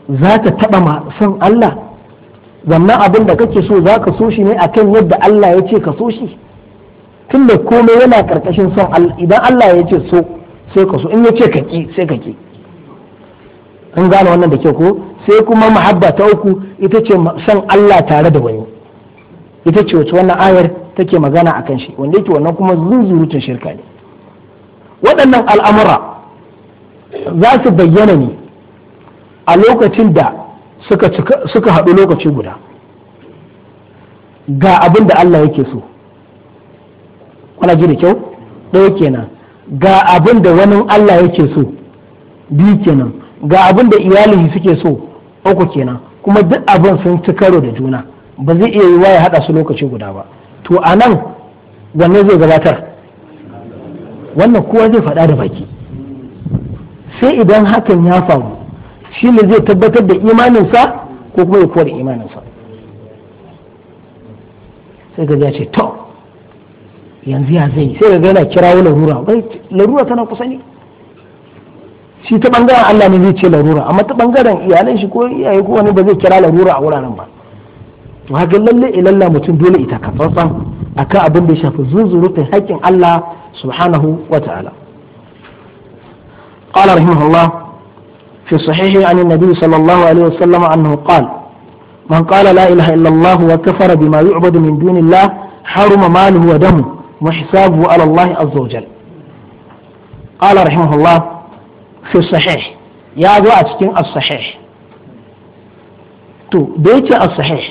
za ta taɓa ma son Allah wannan abin da kake so za ka so shi ne akan yadda Allah ya ce ka so shi tunda komai yana ƙarƙashin son Allah idan Allah ya ce so sai ka so in ya ce ka ƙi sai ka ƙi an gane wannan da ke ko sai kuma mahabba ta uku ita ce son Allah tare da wani ita ce wacce wannan ayar take magana a kan shi wanda yake wannan kuma zunzurutun shirka ne waɗannan al'amura za su bayyana ne a lokacin da suka haɗu lokaci guda ga abin da Allah yake so kwana ji da kyau ɗaya kenan ga abin da wani Allah yake so biyu kenan ga abin da iyalihi suke so uku kenan kuma duk abin sun ci karo da juna ba zai iya yi ya haɗa su lokaci guda ba to a nan wanne zai gabatar wannan kowa zai faɗa da baki sai idan hakan ya faru shi ne zai tabbatar da imaninsa ko kuma ya kore imaninsa sai ga ya ce to yanzu ya zai sai ga yana wa larura larura tana kusa ne shi ta bangaren Allah ne zai ce larura amma ta bangaren iyalan shi ko iyaye ko wani ba zai kira larura a wuraren ba to haka lalle ilalla mutum dole ita ka tsantsan akan abin da ya shafi zuzurutun haƙƙin Allah subhanahu wa ta'ala قال رحمه الله في صحيح عن النبي صلى الله عليه وسلم أنه قال من قال لا إله إلا الله وكفر بما يعبد من دون الله حرم ماله ودمه وحسابه على الله عز وجل قال رحمه الله في الصحيح يا ذو أتكين الصحيح to da yake a sahih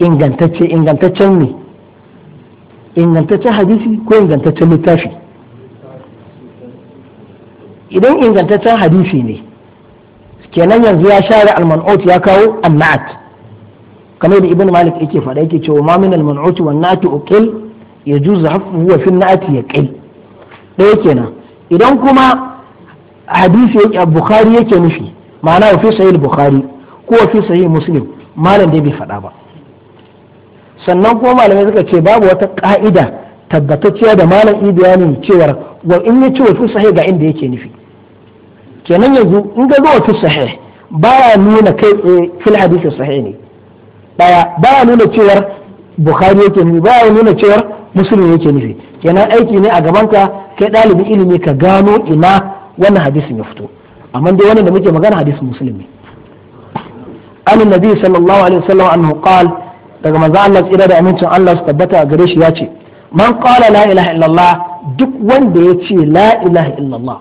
ingantacce ingantaccen ne ingantaccen hadisi ko ingantaccen littafi idan ingantaccen hadisi ne kenan yanzu ya share al-man'ut ya kawo an-na'at kamar da ibn malik yake faɗa yake cewa ma min al-man'ut wan na'at uqil yajuz hafu wa fi an-na'at yaqil dai kenan idan kuma hadisi yake bukhari yake nufi ma'ana fi sahih bukhari ko fi sahih muslim malam dai bai faɗa ba sannan kuma malamai suka ce babu wata ka'ida tabbatacciya da malam ibiyani cewa wa in ya ci wa fi sahih ga inda yake nufi kenan yanzu in ga zuwa fi sahih baya nuna kai tsaye fil hadisi sahih ne daya baya nuna cewar bukhari yake nufi baya nuna cewar muslim yake nufi kenan aiki ne a gaban ka kai dalibin ilimi ka gano ina wannan hadisin ya fito amma dai wannan da muke magana hadisin muslim ne an sallallahu alaihi wasallam annahu qala daga manzo Allah tsira da amincin Allah su tabbata a gare shi ya ce man qala la ilaha illallah duk wanda ya ce la ilaha illallah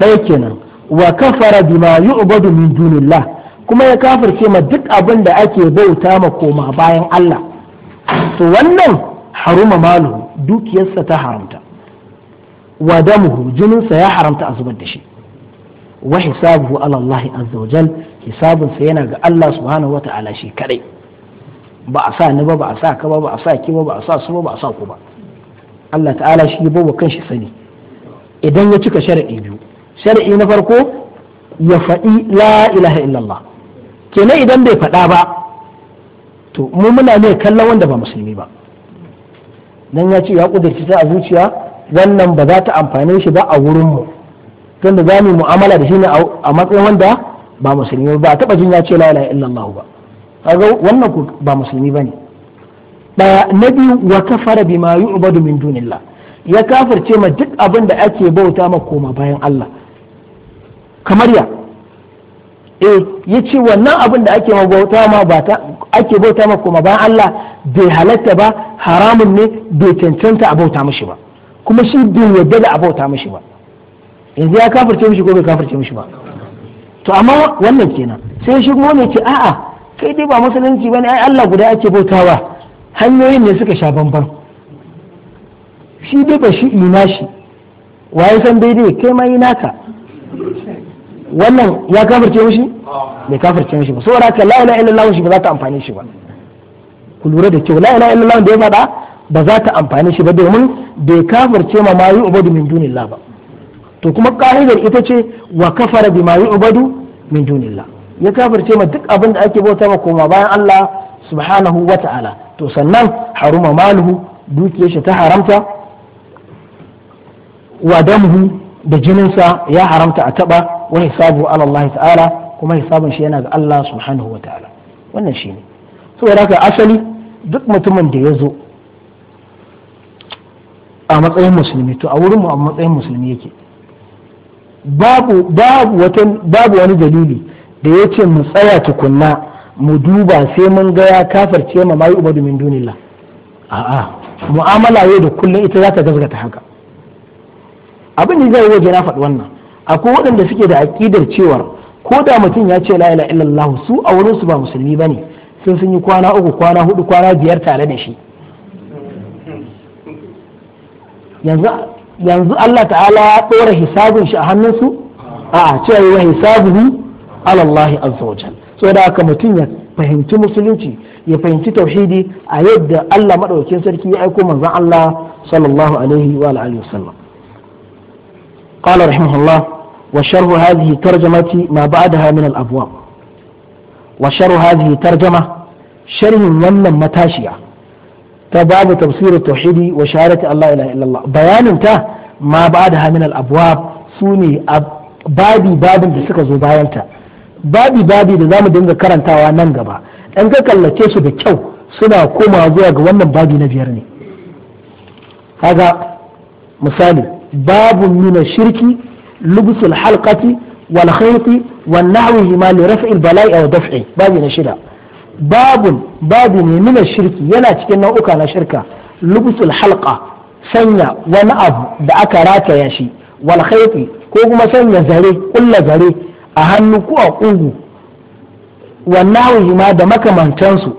ɗaya kenan wa kafara bima yu'badu min dunillah kuma ya kafirce ma duk abin da ake bauta ma koma bayan Allah to wannan haruma malu dukiyarsa ta haramta wa damuhu jininsa ya haramta a zubar da shi wa hisabuhu ala Allah azza wa jal hisabinsa yana ga Allah subhanahu wata'ala shi kadai ba a sa ni ba ba a sa ka ba ba a sa ki ba ba a sa su ba ba a sa ku ba Allah ta'ala shi ba wa kanshi sani idan ya cika sharadi biyu shar'i na farko ya faɗi la ilaha illallah kenan idan bai faɗa ba to mu muna ne kallon wanda ba musulmi ba dan ya ce ya kudurci ta a zuciya wannan ba za ta amfane shi ba a wurin mu tunda za mu mu'amala da shi ne a matsayin wanda ba musulmi ba taɓa jin ya ce la ilaha illallah ba kaga wannan ku ba musulmi ba ne. daya na biyu wa kafara bima yu'badu min dunillah ya kafirce ma duk abin da ake bauta ma koma bayan Allah kamar ya eh ya ce wannan abin da ake bauta ma ba ta ake bauta ma kuma ba Allah bai halatta ba haramun ne bai cancanta a bauta mishi ba kuma shi bai yadda da a bauta mishi ba yanzu ya kafirce mishi ko bai kafirce mishi ba to amma wannan kenan sai shi kuma ne ce a'a kai dai ba musulunci bane ai Allah guda ake bautawa hanyoyin ne suka sha bamban shi dai ba shi ina shi waye san daidai kai ma yi naka wannan ya kafirce mishi bai kafirce mishi ba saboda haka la ilaha illallah shi ba za ta amfane shi ba ku lura da kyau la ilaha illallah da ya faɗa ba za ta amfane shi ba domin bai kafirce ma ma yi ubadu min dunillah ba to kuma ka'idar ita ce wa kafara bi ma yi ubadu min dunillah ya kafirce ma duk abin da ake bauta ma koma bayan Allah subhanahu wa ta'ala to sannan haruma maluhu dukiyar shi ta haramta wa damhu da jininsa ya haramta a taɓa wani hisabu ala Allah ta'ala kuma hisabun shi yana ga Allah subhanahu wa ta'ala wannan shi ne saboda haka asali duk mutumin da ya zo a matsayin musulmi to a wurinmu a matsayin musulmi yake babu wani dalili da ya ce mu tsaya tukunna mu duba sai mun gaya ya kafarce ma uba ubadu min dunillah a'a mu'amala yau da kullum ita za ta gazgata haka abin da zai waje na faɗi wannan akwai waɗanda suke da aƙidar cewar ko da mutum ya ce laila ilaha illallah su a wurin su ba musulmi bane sun sun yi kwana uku kwana hudu kwana biyar tare da shi yanzu Allah ta'ala ya ɗora hisabin shi a hannunsu a cewa hisabuhu ala Allah azza wa saboda haka mutum ya fahimci musulunci ya fahimci tauhidi a yadda Allah madaukakin sarki ya aiko manzon Allah sallallahu alaihi wa alihi wasallam قال رحمه الله وشرح هذه ترجمة ما بعدها من الأبواب وشرح هذه ترجمة شرح ولن متاشية تباب تفسير التوحيد وشهادة الله إله إلا الله بيان ما بعدها من الأبواب سوني أب babi babin da suka zo bayanta babi babi da zamu dinga karantawa nan gaba dan ka kallace su da kyau suna komawa zuwa ga wannan babi na biyar ne kaga misali babu mina shirki lubusul halqati wal khayfi wan nahwihi ma li raf'il bala'i aw daf'i babu na shida babun babu shirki yana cikin nau'uka na shirka lubusul halqa sanya wani abu da aka rataya shi wal khayfi ko kuma sanya zare kulla zare a hannu ko a kugu wannan ma da makamantansu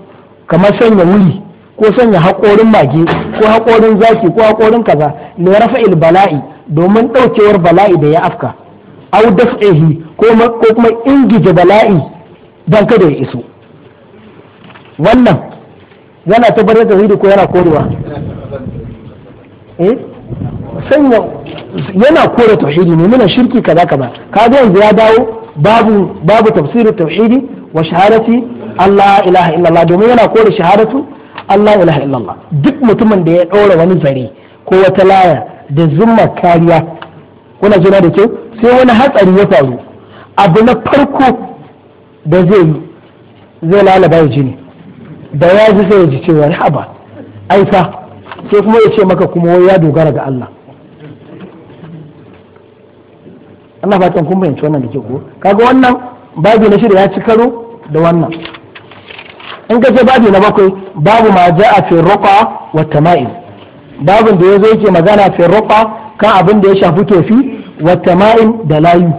kamar sanya wuri ko sanya haƙorin mage ko haƙorin zaki ko haƙorin kaza ne rafa'il bala'i domin ɗaukewar bala'i da ya afka au daf'ihi ko kuma ingije bala'i don kada ya iso wannan yana tabbatar da ko yana korewa eh? sanya yana kore tauhidi ne muna shirki kaza kaza kaga yanzu ya dawo babu tafsirin tauhidi wa shahadati Allah ilaha illallah domin yana kore shahadatu Allah ilaha illallah duk mutumin da ya ɗora wani zare ko wata laya da zumma kariya kuna jira da kyau sai wani hatsari ya faru abu na farko da zai yi zai lalaba ya jini da ya ji sai ya ji cewa haba aifa sai kuma ya ce maka kuma ya dogara ga Allah ana fatan kun fahimci wannan da ke ko kaga wannan babu na shirya ya ci karo da wannan in ka je babu na bakwai babu ma a fi roƙa wa tama'im babin da zo yake magana fi roƙa kan abin da ya shafi tofi wa tama'im da layu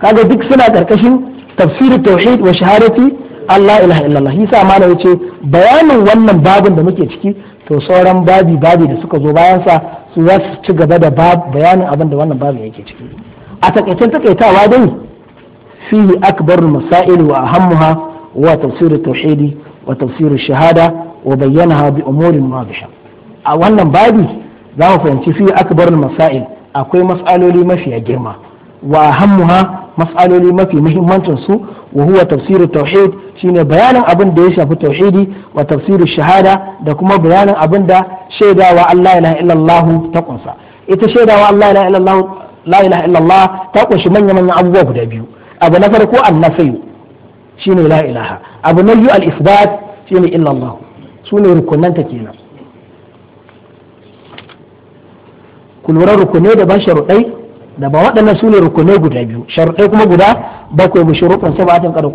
kaga duk suna ƙarƙashin tafsirin tauhid wa shahadati Allah ilaha illallah yasa mana ce bayanin wannan babin da muke ciki to sauran babi babi da suka zo bayan sa su za su ci gaba da bayanin abin da wannan babin yake ciki a takaicen takaitawa dai fihi akbarul masail wa ahammuha وتفسير التوحيد وتفسير الشهادة وبينها بأمور واضحة أولا بابي لا فهمت في أكبر المسائل أقوي مسألة لما في جرمة وأهمها مسألة لما في مهمة سوء وهو تفسير التوحيد شين بيان أبن ديشا في التوحيد وتفسير الشهادة دكما بيان أبن دا شيدا وأن لا إله إلا الله تقنصا إذا شيدا وأن لا إله إلا الله لا إله إلا الله تقنش من يمن أبوه دابيو أبو نفرك أن نفيه شنو لا إله أبو نبي الإثبات شنو إلا الله شنو ركن أنت كينا كل ورا ركن يد بان شرطي دبا وقت أنا شنو ركن يد بيو شرطي كم بودا بقوا بشروط من سبعة كان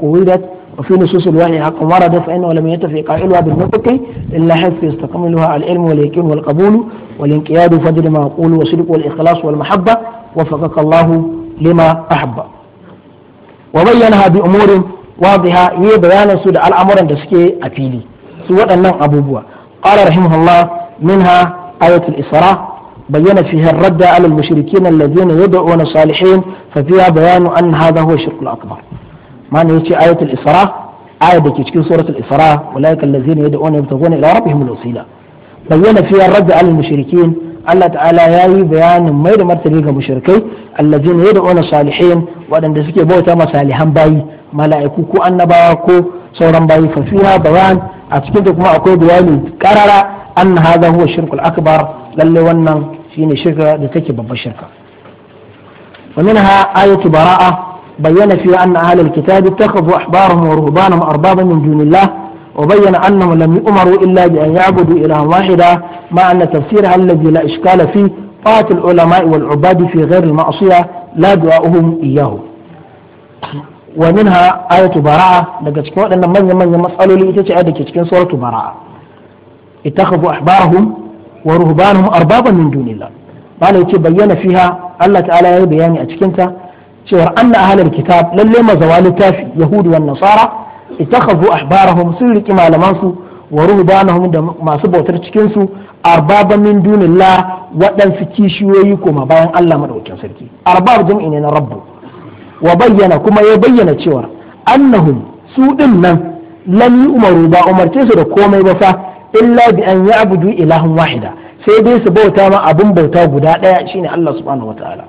وفي نصوص الوحي حق ورد فإنه لم يتفق قائلها بالنطق إلا حيث يستكملها العلم واليقين والقبول والانقياد فضل ما أقول وصدق والإخلاص والمحبة وفقك الله لما أحب وبينها بأمور wadiha yi bayanin su da al'amuran da suke a fili su waɗannan abubuwa qala rahimahullah minha ayatul isra بين فيها الرد على المشركين الذين يدعون الصالحين ففيها بيان أن هذا هو الشرك الأكبر ما نيجي آية الإسراء آية تشكيل سورة الإسراء أولئك الذين يدعون يبتغون إلى ربهم الوسيلة بين فيها الرد على المشركين الله تعالى ياي بيان ما يدمر تلك المشركين الذين يدعون الصالحين وأن تسكي بوتا ما صالحا باي mala'iku ko annabawa ko sauran bayi fafiha bayan a cikin kuma akwai bayani karara anna hadha huwa shirkul akbar lalle wannan shine shirka da take babbar shirka wa minha ayatu bara'a bayyana fiha anna ahlul kitabi ittakhadhu ahbarahum wa ruhbanahum arbaban min dunillah وبين أنهم لم يؤمروا إلا بأن يعبدوا إلها واحدا مع la تفسيرها الذي لا إشكال فيه طاعة العلماء والعباد في غير المعصية لا دعاؤهم إياه wa minha ayatu bara'a daga cikin waɗannan manyan manyan matsaloli ita ce da ke cikin suratu bara'a ittakhadhu ahbarahum wa ruhbanahum arbaban min dunillah bala yace bayyana fiha Allah ta'ala ya yi bayani a cikin ta cewa anna ahlul kitab lallai mazawa littafi yahudu wan nasara ita ittakhadhu ahbarahum sun riki malamansu su wa ruhbanahum da masu bautar cikin su arbaban min waɗansu kishiyoyi koma bayan Allah madaukakin sarki arbab jam'i ne na rabbu wa bayyana kuma ya bayyana cewa annahum su din nan lam umaru ba umarce su da komai ba fa illa bi an ya'budu ilahan wahida sai dai su bauta ma abin bauta guda daya shine Allah subhanahu wataala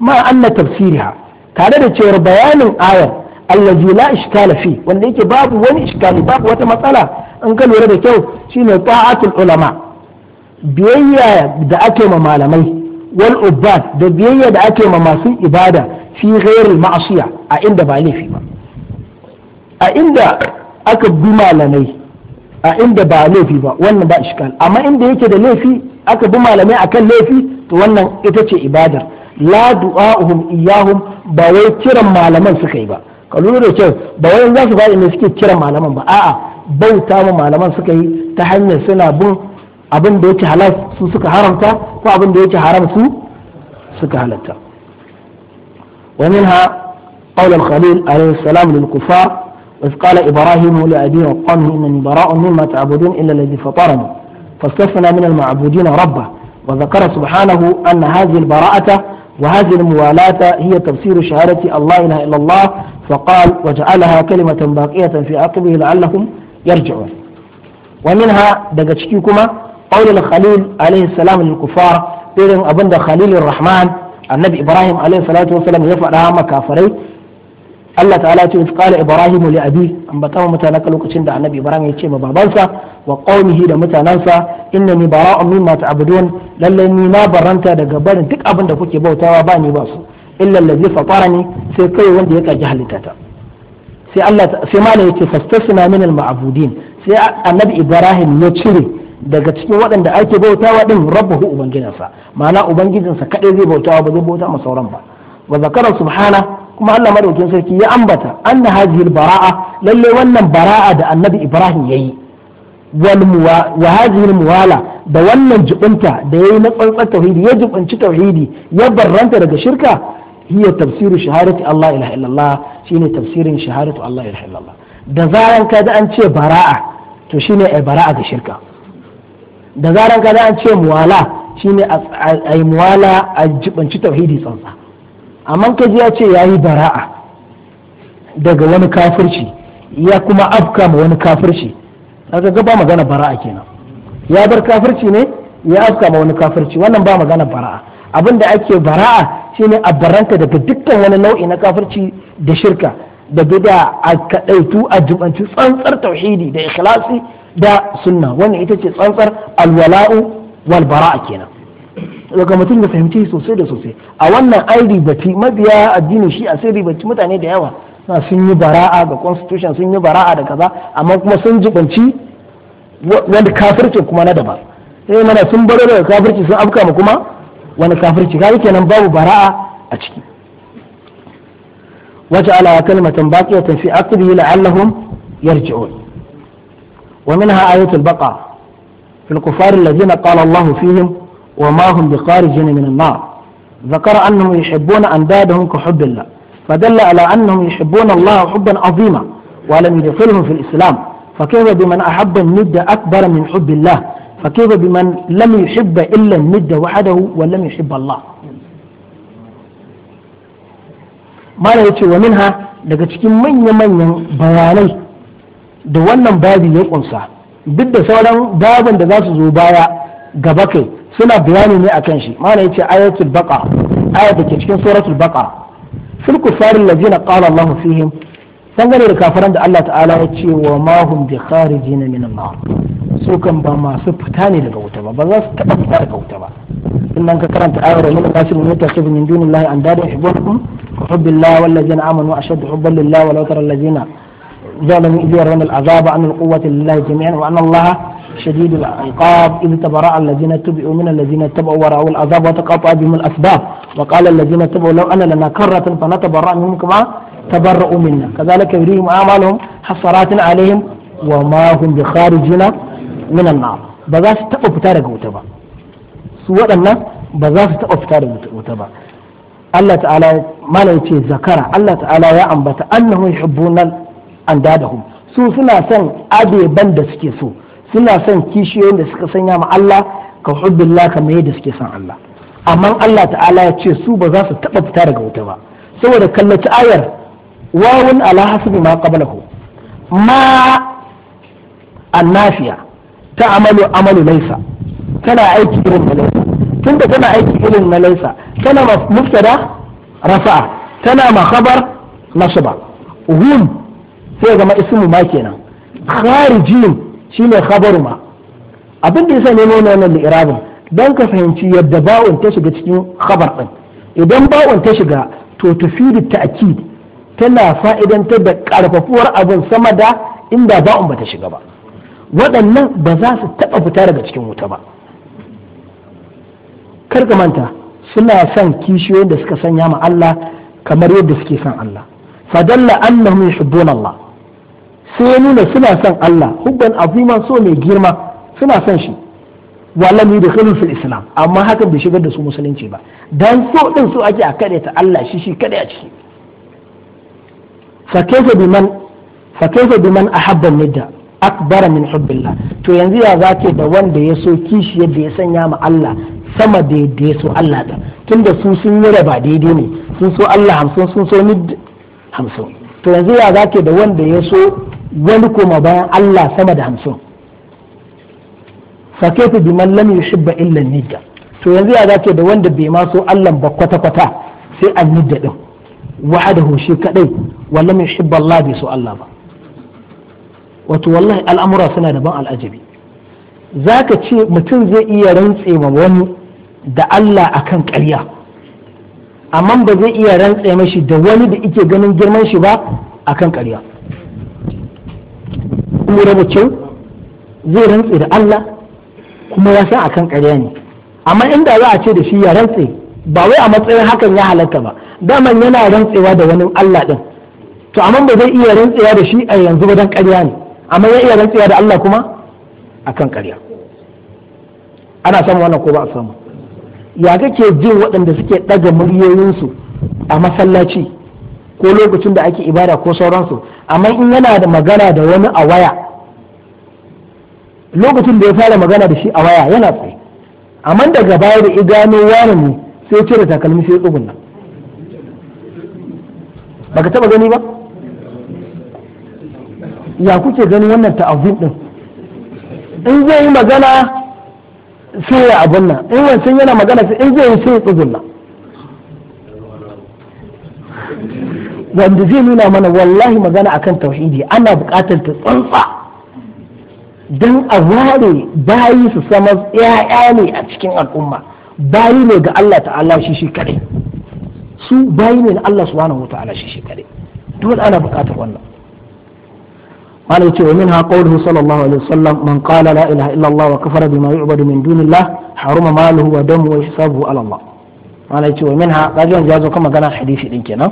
ma anna tafsiriha tare da cewar bayanin ayar allazi la ishkala fi wanda yake babu wani ishkali babu wata matsala in ka lura da kyau shine ta'atul ulama biyayya da ake ma malamai wal ubad da biyayya da ake ma masu ibada fi ghairil ma'asiya a inda ba laifi ba a inda aka bi malamai a inda ba laifi ba wannan ba ishkal amma inda yake da laifi aka bi malamai akan laifi to wannan ita ce ibadar la du'a'uhum iyahum ba wai kiran malaman suka yi ba ka lura da kyau ba wai za su faɗi ne suke kiran malaman ba a'a bauta ma malaman suka yi ta hanyar suna bin abin da yake halal su suka haramta ko abin da yake haram su suka halatta wa minha qawl al-khalil alayhi salam lil kuffar إذ قال إبراهيم لأبيه وقومه إنني براء مما تعبدون إلا الذي فطرني فاستثنى من المعبودين ربه وذكر سبحانه أن هذه البراءة وهذه الموالاة هي تفسير شهادة الله إله إلا الله فقال وجعلها كلمة باقية في عقبه لعلهم يرجعون ومنها دقشكيكما qaulul khalil alaihi salam kufar irin abinda khalilur rahman annabi ibrahim alaihi salatu wasallam ya faɗa makafarai Allah ta'ala ce su kala Ibrahim li abi an ba tsawon mutanen lokacin da Annabi Ibrahim ya ce ma babansa wa qaumihi da mutanansa innani bara'un mimma ta'budun lalle ni na baranta daga barin duk abinda kuke bautawa ba ni ba su illa allazi fatarani sai kai wanda ya kaji halittata sai Allah ya ce yace fastasna min al-ma'budin sai Annabi Ibrahim ya cire daga cikin waɗanda ake bautawa din hu ubangijinsa ma'ana ubangijinsa kadai zai bauta ba zai bauta ma sauran ba wa zakara subhana kuma Allah madaukin sarki ya ambata anna hadhihi bara'a lalle wannan bara'a da annabi Ibrahim yayi wal wa hadhihi muwala da wannan jibinta da yayi na tsantsar tauhidi ya jibinci tauhidi ya barranta daga shirka hiya tafsiru shahadati Allah ilaha illallah shine tafsirin shahadatu Allah ilaha illallah da zaran ka da an ce bara'a to shine ai bara'a ga shirka da zaran ka an ce muwala shine a yi muwala a jibanci tauhidi tsantsa amma ka ji ya ce ya yi bara'a daga wani kafirci ya kuma afka ma wani kafirci A ga ba magana bara'a kenan ya bar kafirci ne ya afka ma wani kafirci wannan ba magana bara'a abin da ake bara'a shine a baranta daga dukkan wani nau'i na kafirci da shirka da gida a kadaitu a jibanci tsantsar tauhidi da ikhlasi da sunna wannan ita ce tsantsar alwala'u wal bara'a kenan daga mutum da fahimci sosai da sosai a wannan ai ribati mabiya addinin shi a sai ribati mutane da yawa na sun yi bara'a ga constitution sun yi bara'a da kaza amma kuma sun jibanci wanda kafirci kuma na daban sai mana sun baro daga kafirci sun afka mu kuma wani kafirci kaga kenan babu bara'a a ciki wata ala kalimatan baqiyatan fi aqdihi la'allahum yarji'un ومنها آية البقرة في الكفار الذين قال الله فيهم وما هم بخارجين من النار ذكر أنهم يحبون أندادهم كحب الله فدل على أنهم يحبون الله حبا عظيما ولم يدخلهم في الإسلام فكيف بمن أحب الند أكبر من حب الله فكيف بمن لم يحب إلا الند وحده ولم يحب الله ما لا ومنها لقد cikin من manyan bayanai da wannan babi ya kunsa duk da sauran babin da za su zo baya gaba kai suna bayani ne akan shi mana yace ayatul baqa ayat da ke cikin suratul baqa fil kufari allazina qala Allah fihim dangane da kafiran da Allah ta'ala ya ce wa ma hum bi kharijin min an-nar su kan ba masu fita ne daga wuta ba ba za su taba fita daga wuta ba إن كرمت آية من الناس من يتخذ من دون الله أندادا يحبونكم كحب الله والذين آمنوا أشد حبا لله ولو ترى الذين ظلموا إذ يرون العذاب عن القوة لله جميعا وأن الله شديد العقاب إذ تبرأ الذين اتبعوا من الذين اتبعوا ورأوا العذاب وتقاطع بهم الأسباب وقال الذين اتبعوا لو أن لنا كرة فنتبرأ منهم كما تبرأوا منا كذلك يريهم أعمالهم حصرات عليهم وما هم بخارجين من النار بذاس ستقف تارك سوى أن بذاس ستقف تارك الله تعالى ما لا يتي zakara الله تعالى ya أنهم يحبون an dadahum su suna son abeban da suke so suna son kishiyoyin da suka sanya ma Allah ka hubbillah kamar da suke son Allah amma Allah ta'ala ya ce su ba za su taba fita daga wuta ba saboda kallaci ayar wawun ala hasbi ma qablahu ma annafiya ta amalu amalu laisa tana aiki irin na laisa tunda tana aiki irin na laisa tana muftada rafa'a tana ma khabar nasba hum sai zama ismu ma kenan kharijin shine khabaru ma abin da yasa ne nuna nan li'irabin dan ka fahimci yadda ba'un ta shiga cikin khabar din idan ba'un ta shiga to tufidu ta'kid tana fa'idantar da karfafuwar abin sama da inda ba'un bata shiga ba waɗannan ba za su taɓa fita daga cikin wuta ba kar ka manta suna son kishiyoyin da suka sanya ma Allah kamar yadda suke son Allah fadalla annahum yuhibbun Allah sai ya nuna suna son Allah hubban azima so mai girma suna son shi wallan yi da fil islam amma hakan bai shigar da su musulunci ba dan so din so ake a kare ta Allah shi shi kare a ciki fakaifa biman fakaifa biman ahabba nidda akbara min hubbillah to yanzu ya zake da wanda ya so kishi yadda ya sanya ma Allah sama da yadda ya so Allah da tunda su sun yi raba daidai ne sun so Allah hamsin sun so nid hamsin to yanzu ya zake da wanda ya so wani koma bayan Allah sama da hamsin fakaitu bi man lam yuhibba illa nidda to yanzu ya zace da wanda bai ma so Allah ba kwata kwata sai an nidda din wa'adahu shi kadai wallam yuhibba Allah bai so Allah ba wato wallahi al'amura suna da ban al'ajabi zaka ce mutum zai iya rantse ma wani da Allah akan ƙarya amma ba zai iya rantse mashi da wani da ike ganin girman shi ba akan ƙarya in raba kyau zai rantse da Allah kuma ya san akan ƙarya ne amma inda za a ce da shi ya rantse ba wai a matsayin hakan ya halatta ba daman yana rantsewa da wani Allah din to amma ba zai iya rantsewa da shi a yanzu ba dan ƙarya ne amma ya iya rantsewa da Allah kuma akan ƙarya ana samu wannan ko ba a samu ya kake jin waɗanda suke ɗaga muryoyinsu a masallaci ko lokacin da ake ibada ko sauransu amma in yana da magana da wani a waya lokacin da ya fara magana da shi a waya yana tsaye amma daga baya da igano wani ne sai cire takalmi sai tsugunna baka taba gani ba ya kuke gani wannan ta'azzum din in zai yi magana sai ya abunna in wancan yana magana sai in zai yi sai ya tsugunna wanda zai nuna mana wallahi magana akan tauhidi ana buƙatar ta tsantsa don a ware bayi su sama ‘ya'ya ne a cikin al'umma bayi ne ga Allah ta'ala shi shi kare su bayi ne na Allah subhanahu wa ta'ala shi shi kare dole ana buƙatar wannan malam ce wa min ha qawluhu sallallahu alaihi wasallam man qala la ilaha illa Allah wa kafara bima yu'badu min dunillah haruma maluhu wa damu wa hisabuhu ala Allah malam ce wa min ha kaji wanda ya zo kan magana hadisi din kenan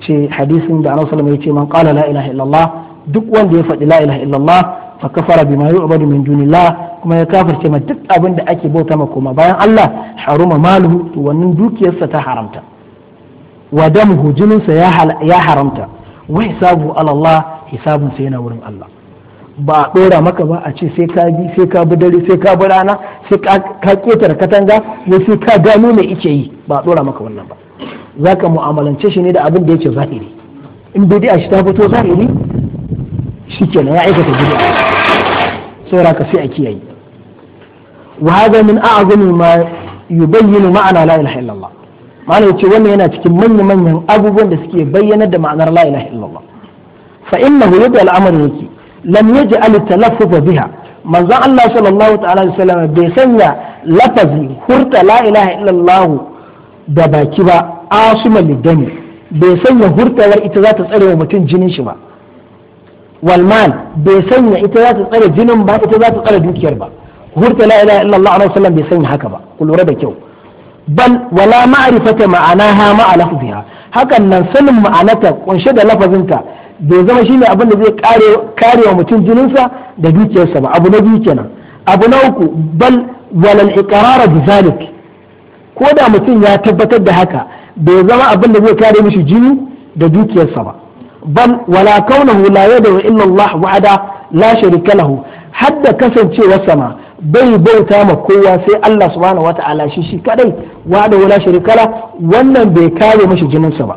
ce hadisin da annabi sallallahu alaihi wasallam ya ce man qala la ilaha illallah duk wanda ya faɗi la ilaha illallah fa kafara bima yu'badu min dunillah kuma ya kafirce ma duk abin da ake bauta ma kuma bayan Allah haruma maluhu to wannan dukiyarsa ta haramta wa damuhu jininsa ya haramta wa hisabu ala Allah hisabun yana wurin Allah ba a ɗora maka ba a ce sai ka bi sai ka bi dare sai ka bi rana sai ka ketare katanga ne sai ka gano me ike yi ba a ɗora maka wannan ba za ka mu'amalance shi ne da abin da yake zahiri in bidi'a shi ta fito zahiri shi kenan ya aikata a saura ka sai a kiyaye wa hada min a'zami ma yubayyinu ma'ana la ilaha illallah ma'ana yace wannan yana cikin manyan manyan abubuwan da suke bayyana da ma'anar la ilaha illallah fa innahu yadda al'amari yake lam yaj'al talaffuza biha manzon Allah sallallahu ta'ala alaihi wasallam bai sanya lafazi hurta la ilaha illallah da baki ba asima lidami bai sanya hurtawar ita za ta tsare wa mutum jinin shi ba walmal bai sanya ita za ta tsare jinin ba ita za ta tsare dukiyar ba hurta la ilaha illallah alaihi wasallam bai sanya haka ba ku lura da kyau bal wala ma'rifata ma'anaha a lafziha hakan nan sanin ma'anata kunshe da lafazinta bai zama shine abin da zai kare kare wa mutum jininsa da dukiyarsa ba abu na biyu kenan abu na uku bal walal iqrara bi zalik ko da mutum ya tabbatar da haka bai zama abin da zai kare mishi jini da dukiyarsa ba bal wala kaunahu la yad'u illa Allah wa'ada la sharika lahu hadda kasancewarsa ma bai bauta ma kowa sai Allah subhanahu wata'ala shi shi kadai wa'ada wala sharika la wannan bai kare mishi jininsa ba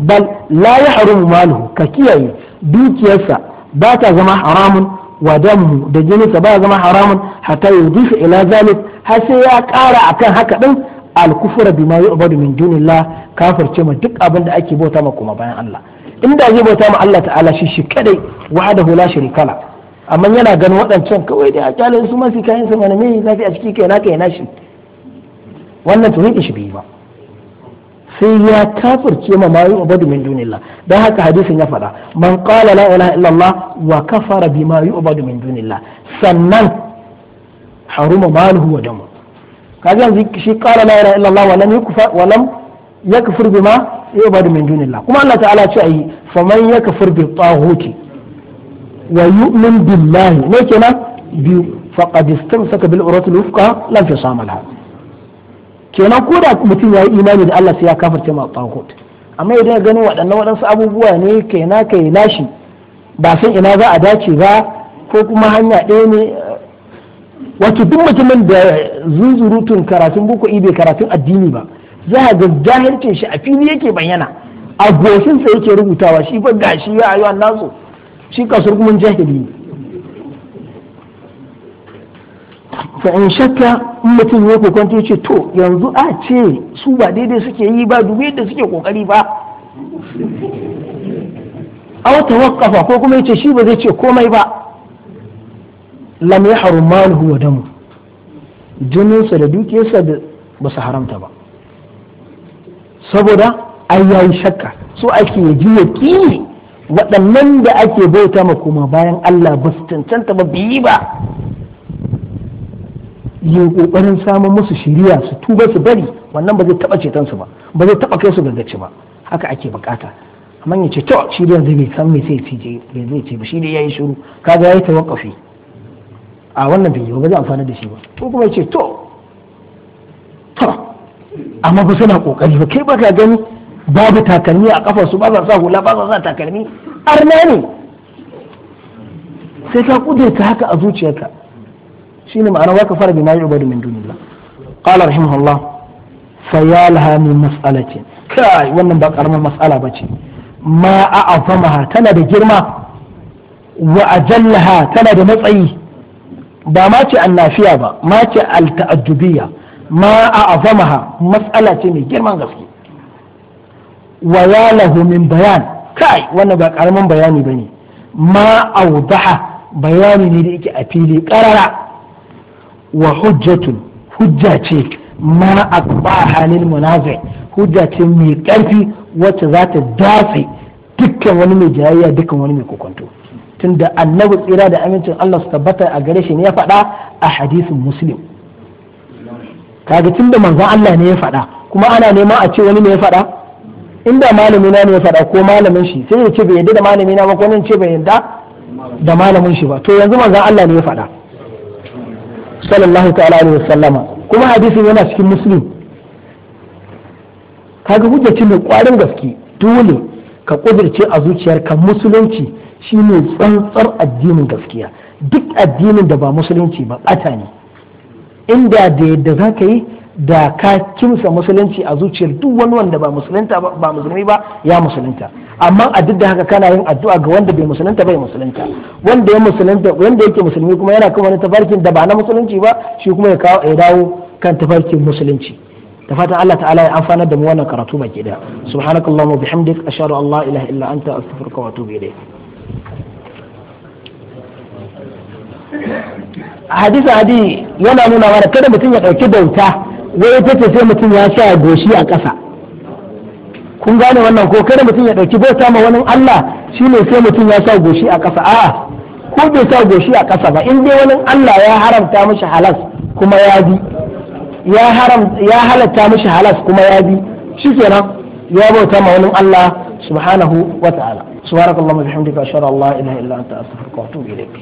bal la yahrumu maluhu ka kiyaye dukiyarsa ba ta zama haramun wa damu da jininsa ba zama haramun hatta yudifu ila zalik har sai ya kara akan haka din alkufura bi ma yu'badu min dunillah kafirce ma duk abin da ake bauta ma kuma bayan Allah inda zai bauta ma Allah ta'ala shi shi kadai wahdahu la sharika la amma yana ganin wadancan kawai dai a kyalin su masu kayan su mana me zafi a ciki kai na kai na shi wannan to shi bi ba sai ya kafirce ma ma yu'badu min dunillah dan haka hadisin ya faɗa man qala la ilaha illallah wa kafara ma yu'badu min dunillah sannan haruma maluhu wa mu. kaji yanzu shi kara la ilaha illallah wa lam yakfur wa lam yakfur bima yubadu min dunillah kuma Allah ta'ala ce ayi faman yakfur bi tahuti wa yu'min billahi ne kenan biyu faqad istamsaka bil urati al-wuthqa lam yasama laha kenan ko da mutum ya yi imani da Allah sai ya kafirce ma tahut amma idan ya gani waɗannan waɗansu abubuwa ne kenan kai nashi ba san ina za a dace ba ko kuma hanya ɗaya ne wato duk mutumin da zuzurutun karatun boko ibe karatun addini ba za a ga jahilcin shi a fili yake bayyana a goshin sa yake rubutawa shi ba gashi ya ayyuan nasu shi kasur kuma jahili ne fa in shakka in mutum ya kokonta yace to yanzu a ce su ba daidai suke yi ba dubi yadda suke kokari ba A wata wakafa ko kuma yace shi ba zai ce komai ba lam haru maluhu wa damu jininsa da dukiyarsa da ba su haramta ba saboda ai yayi shakka so ake ji yaki waɗannan da ake bauta ma kuma bayan Allah ba su cancanta ba biyi ba yi kokarin samun musu shiriya su tuba su bari wannan ba zai taba ceton su ba ba zai taba kai su gaggace ba haka ake bukata amma ya ce to shi da zai san me sai ya ce ba shi da yayi shiru kaga yayi tawakkafi a wannan bai yi ba zai amfana da shi ba ko kuma ce to to amma ba suna kokari ba kai ba ka gani babu takalmi a kafar su ba za sa hula ba za sa takalmi arna ne sai ka kudurta haka a zuciyarka shine ma'ana wa ka fara bi ma yu'badu min dunillah qala rahimahullah fayalha min mas'alati kai wannan ba karamar mas'ala bace ma a'azamaha tana da girma wa ajallaha tana da matsayi ba ma ce annafiya ba ma ce alta'addubiya ma a azamaha matsala ce mai girman gaske wa ya lahu min bayan kai wannan ba karamin bayani bane ma audaha bayani ne da yake a fili karara wa hujjatun hujja ce ma aqbaha lil munazi hujja ce mai karfi wacce za ta datse dukkan wani mai jayayya dukkan wani mai kokonto tunda annabi tsira da amincin Allah su tabbata a gare shi ne ya faɗa a hadisin muslim kaga tunda manzon Allah ne ya faɗa kuma ana nema a ce wani ne ya faɗa inda malami na ne ya faɗa ko malamin shi sai ya ce bai yadda da malami na ba ko nan ce bai yadda da malamin shi ba to yanzu manzon Allah ne ya faɗa sallallahu ta'ala alaihi wasallama kuma hadisin yana cikin muslim kaga hujjaci mai kwarin gaske dole ka kudirce a zuciyarka musulunci ne tsantsar addinin gaskiya duk addinin da ba musulunci ba bata ne inda da yadda za ka yi da ka kimsa musulunci a zuciyar duk wani wanda ba musulunta ba musulmi ba ya musulunta amma a duk da haka kana yin addu'a ga wanda bai musulunta bai musulunta wanda ya musulunta wanda yake musulmi kuma yana kan wani tafarkin da ba na musulunci ba shi kuma ya kawo ya dawo kan tafarkin musulunci da fatan Allah ta'ala ya amfanar da mu wannan karatu baki daya subhanakallahumma bihamdik ashhadu an la ilaha illa anta astaghfiruka wa atubu ilayk a hadisi hadi yana nuna mana kada mutum ya ɗauki bauta wai ta ce sai mutum ya sha goshi a ƙasa kun gane wannan ko kada mutum ya ɗauki bauta ma wani Allah shi ne sai mutum ya sha goshi a ƙasa a ko bai sa goshi a ƙasa ba in dai wani Allah ya haramta mishi halas kuma ya bi ya haram ya halatta mishi halas kuma ya bi shi shikenan ya bauta ma wani Allah subhanahu wa ta'ala subhanakallahumma bihamdika ashhadu an la ilaha illa anta astaghfiruka wa atubu ilayk